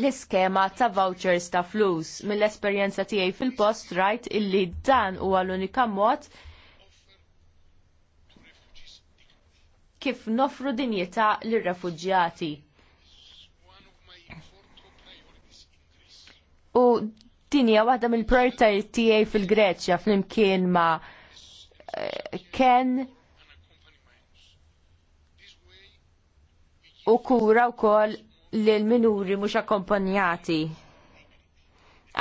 l-iskema ta' vouchers ta' flus. Mill-esperjenza tiegħi fil-post rajt illi dan huwa l-unika mod kif nofru dinjità lir-refuġjati. U dinja waħda mill-prioritajiet tiegħi fil-Greċja flimkien ma' eh, Ken u kura wkoll lil minuri mhux akkompanjati.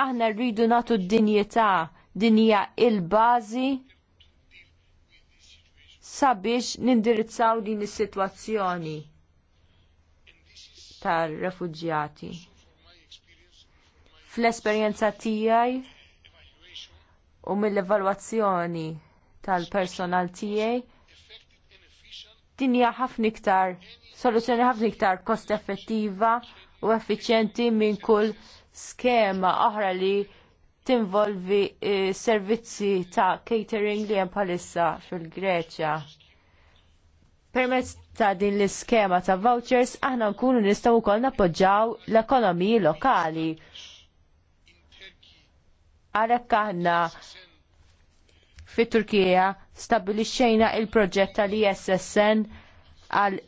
Aħna rridu nagħtu d-dinjità, dinja il-bażi sabiex nindirizzaw din is-sitwazzjoni tar-refuġjati. Fl-esperjenza tiegħi u mill-evalwazzjoni tal-personal tiegħi din hija ħafna iktar soluzzjoni ħafna iktar kost effettiva u effiċjenti minn kull skema oħra li tinvolvi eh, servizzi ta' catering li hemm bħalissa fil-Greċja. Permezz ta' din l-iskema ta' vouchers aħna nkunu nistgħu wkoll nappoġġjaw l-ekonomiji lokali. Għalhekk aħna fit-Turkija stabbilixxejna l proġett tal-ISSN għal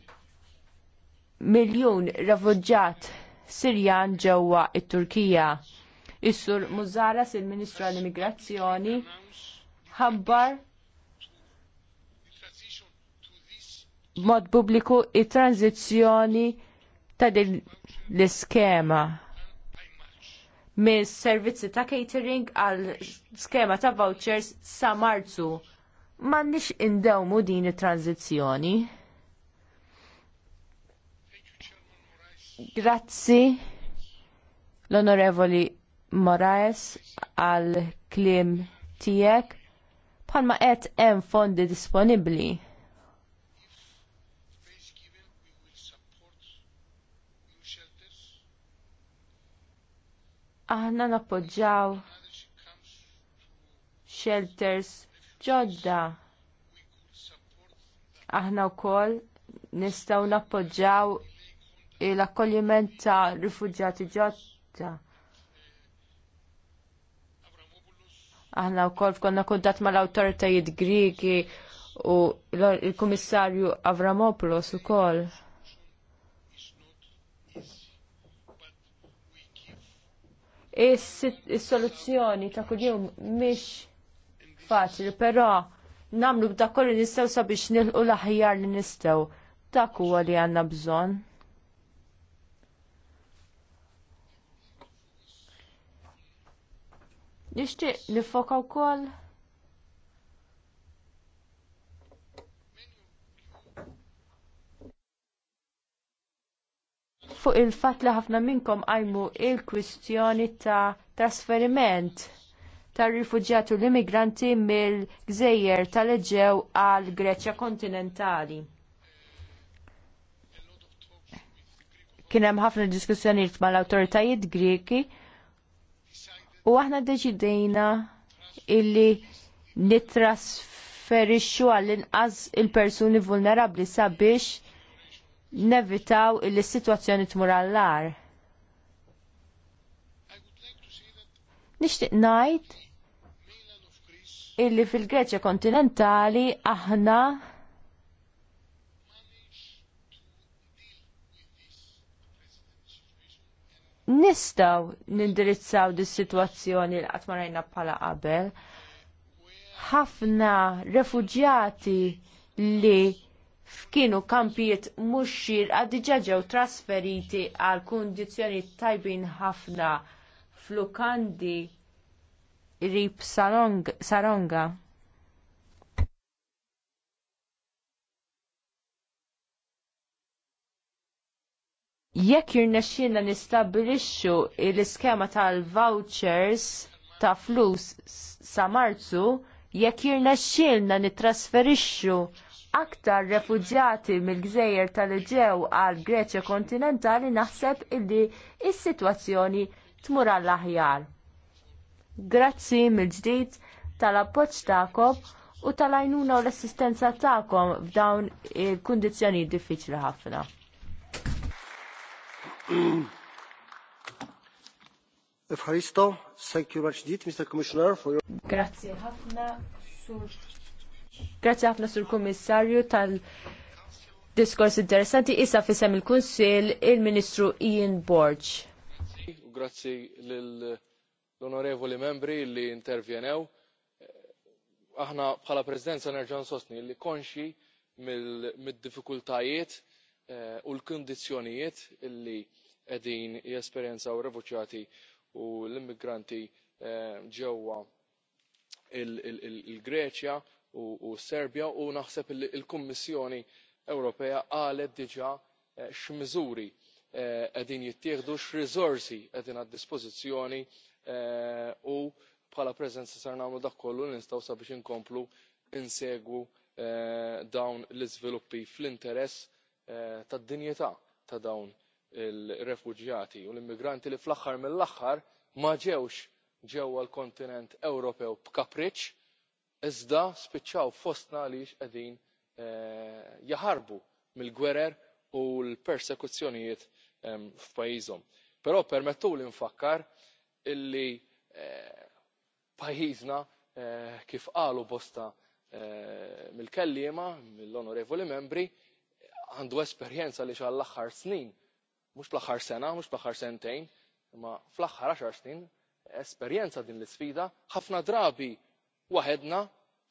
miljun refuġġat Sirjan ġewwa t turkija Is-sur Muzzaras, il-Ministru għall-Immigrazzjoni, ħabbar mod pubbliku il tranzizzjoni ta' din l-iskema mis servizzi ta' catering għal skema ta' vouchers sa' marzu. Mannix indewmu din it-tranzizzjoni. Grazzi l-onorevoli Moraes għal kliem tiegħek bħalma qed hemm fondi disponibbli. Aħna nappoġġjaw shelters ġodda. Aħna wkoll nistgħu nappoġġjaw l-akkoljiment ta' rifuġjati ġodda Aħna wkoll konna kuntat mal-awtoritajiet Griki u l-Kummissarju Avramopoulos ukoll. Is-soluzzjoni ta' kuljum mhix faċli, però namlu b'dak kollu nistgħu sabiex nilqu l-aħjar li nistgħu. Dak huwa li għandna bżonn. Nixtieq nifoka wkoll fuq il-fatt li ħafna minnkom għajmu il-kwistjoni ta' trasferiment tar rifuġjati u l-immigranti mill-gżejjer tal-Eġew għal Greċja kontinentali. Kien hemm ħafna diskussjonijiet mal-awtoritajiet Greki U aħna deċidejna illi nitrasferixxu għall-inqas il-persuni vulnerabbli sabiex nevitaw illi s-sitwazzjoni tmur għall-ar. Nixtieq ngħid illi fil-Greċja kontinentali aħna nistaw nindirizzaw dis situazzjoni l qatt marajna bħala qabel. Ħafna refugjati li f'kienu kampijiet mhux xirqa diġà ġew trasferiti għal kundizzjonijiet tajbin ħafna flukandi rib sarong, saronga. Jekk jirnexxina nistabilixxu l-iskema tal-vouchers ta' flus sa' Marzu, jekk jirnexxilna nittrasferixxu aktar refuġjati mill-gżejjer tal-Eġew għal Greċja kontinentali naħseb illi s-sitwazzjoni tmur għall aħjar Grazzi mill-ġdid tal-appoġġ tagħkom u tal-għajnuna u l-assistenza tagħkom f'dawn il-kundizzjoni diffiċli ħafna. Efharisto, thank you much indeed, Mr. Commissioner, for your... Grazie ħafna, sur... Grazie ħafna sur Kommissarju tal diskors interessanti issa fisem il-Kunsil il-Ministru Ian Borg. Grazzi l-onorevoli membri li intervjenew. Aħna bħala prezidenza nerġan sostni li konxi mill-diffikultajiet mil Eh, u l kundizzjonijiet li qegħdin jesperjenzaw ir rifuġjati u l-immigranti eh, ġewwa l greċja u s serbja u naħseb li l kummissjoni ewropea qalet diġà eh, x'miżuri qegħdin jittieħdu x'riżorsi qegħdin għad-dispożizzjoni u bħala preżenza sar nagħmlu dak kollu nistgħu sabiex inkomplu insegwu dawn l-iżviluppi fl-interess Eh, tad dinjità ta' dawn il refuġjati u l-immigranti li fl aħħar mill aħħar ma ġewx ġewwa l-kontinent ewropew b'kapriċċ iżda spiċċaw fostna għaliex qegħdin eh, jaħarbu mill gwerer u l-persekuzzjonijiet ehm, f'pajjiżhom. però permettuli nfakkar illi eh, pajjiżna kif qalu bosta mill kelliema mill onorevoli membri għandu esperjenza li għall aħħar snin mhux fl-aħħar sena mhux fl axħar sentejn imma fl-aħħar għaxar snin esperjenza din l-isfida ħafna drabi waħedna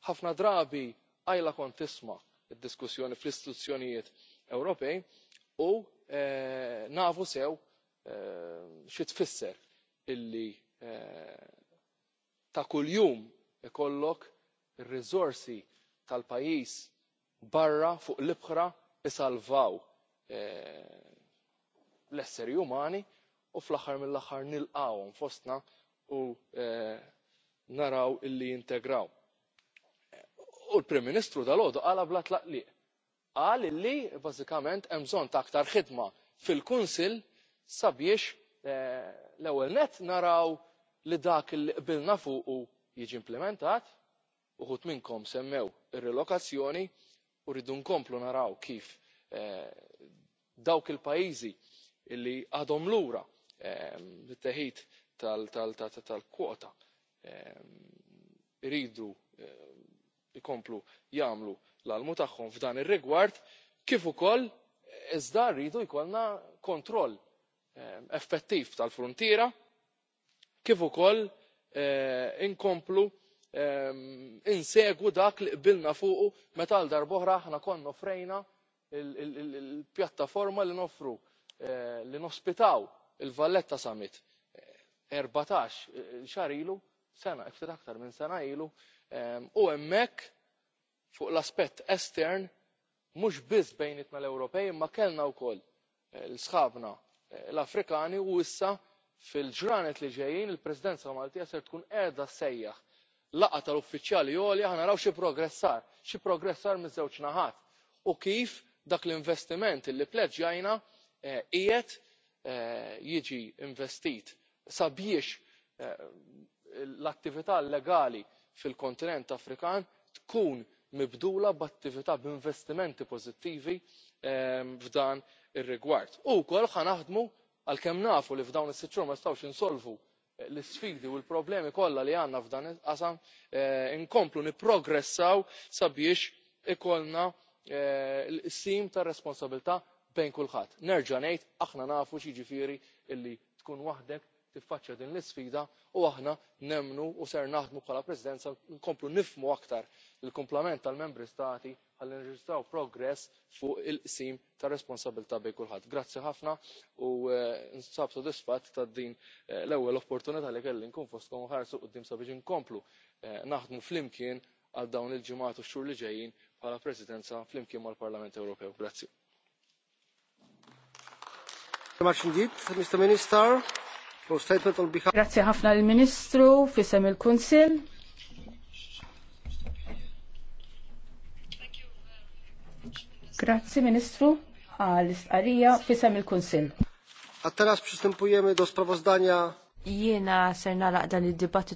ħafna drabi għajla kontisma' tisma' d-diskussjoni fl-istituzzjonijiet ewropej u eh, nafu sew eh, xi tfisser illi eh, ta' kuljum ikollok il rizorsi tal pajjiż barra fuq l-ibħra isalvaw eh, l-esseri umani u fl aħħar mill aħħar nilqgħuhom fostna u eh, naraw illi jintegraw. U l-prim ministru dalgħodu għala bla tlaqliq qal illi bażikament hemm bżonn ta' aktar ħidma fil-kunsill sabiex eh, l-ewwel net naraw li dak li qbilna fuqu jiġi implementat uħud minnkom semmew ir relokazzjoni Uridu rridu nkomplu naraw kif eh, dawk il pajjiżi li għadhom lura eh, mit teħid tal kwota eh, iridu jkomplu jagħmlu l għalmu tagħhom f'dan ir-rigward kif ukoll iżda rridu jkollna kontroll effettiv tal fruntiera kif ukoll inkomplu Ehm, insegwu dak li qbilna fuqu meta għal darba oħra aħna konna offrejna l pjattaforma li noffru eh, li nospitaw il valletta summit eh, erbatax eh, xahar ilu sena ftit aktar minn sena ilu ehm, u hemmhekk fuq l-aspett estern mhux biss bejnietna l-ewropej imma kellna wkoll sħabna l afrikani u issa fil ġranet li ġejjin il presidenza maltija se tkun qiegħda ssejjaħ laqgħa tal uffiċjali għolja ħanaraw xi progress sar xi progress sar miż-żewġ naħat u kif dak l-investiment li ppredeġajna eh, qiegħed eh, jiġi investit sabiex eh, l-attività legali fil kontinent afrikan tkun mibdula b'attività b'investimenti pożittivi ehm, f'dan ir-rigward. u wkoll naħdmu għalkemm nafu li f'dawn is sitt xhur ma nistgħux insolvu l isfidi u l problemi kollha li għandna f'dan il-qasam eh, inkomplu nipprogressaw sabiex ikollna qsim eh, ta' responsabbiltà bejn kulħadd. nerġa' ngħid aħna nafu x'jiġifieri li tkun waħdek tiffaċċja din l-isfida u aħna nemmnu u ser naħdmu bħala presidenza nkomplu nifhmu aktar il kumplament tal membri stati ħalli nirreġistraw progress fuq il qsim tar responsabbiltà bejn kulħadd. grazzi ħafna u eh, nsab sodisfatt ta' din eh, l-ewwel opportunità li kelli nkun fostkom u quddiem sabiex inkomplu eh, naħdmu flimkien għal dawn il-ġimgħat u x-xhur li ġejjin bħala presidenza flimkien mal-parlament ewropew. grazzi. Grazie ħafna il ministru fisem il-Kunsil. Grazie Ministru għal-istqarija fisem il-Kunsil. A teraz do sprawozdania. Jiena ser nalaq dan id-dibattitu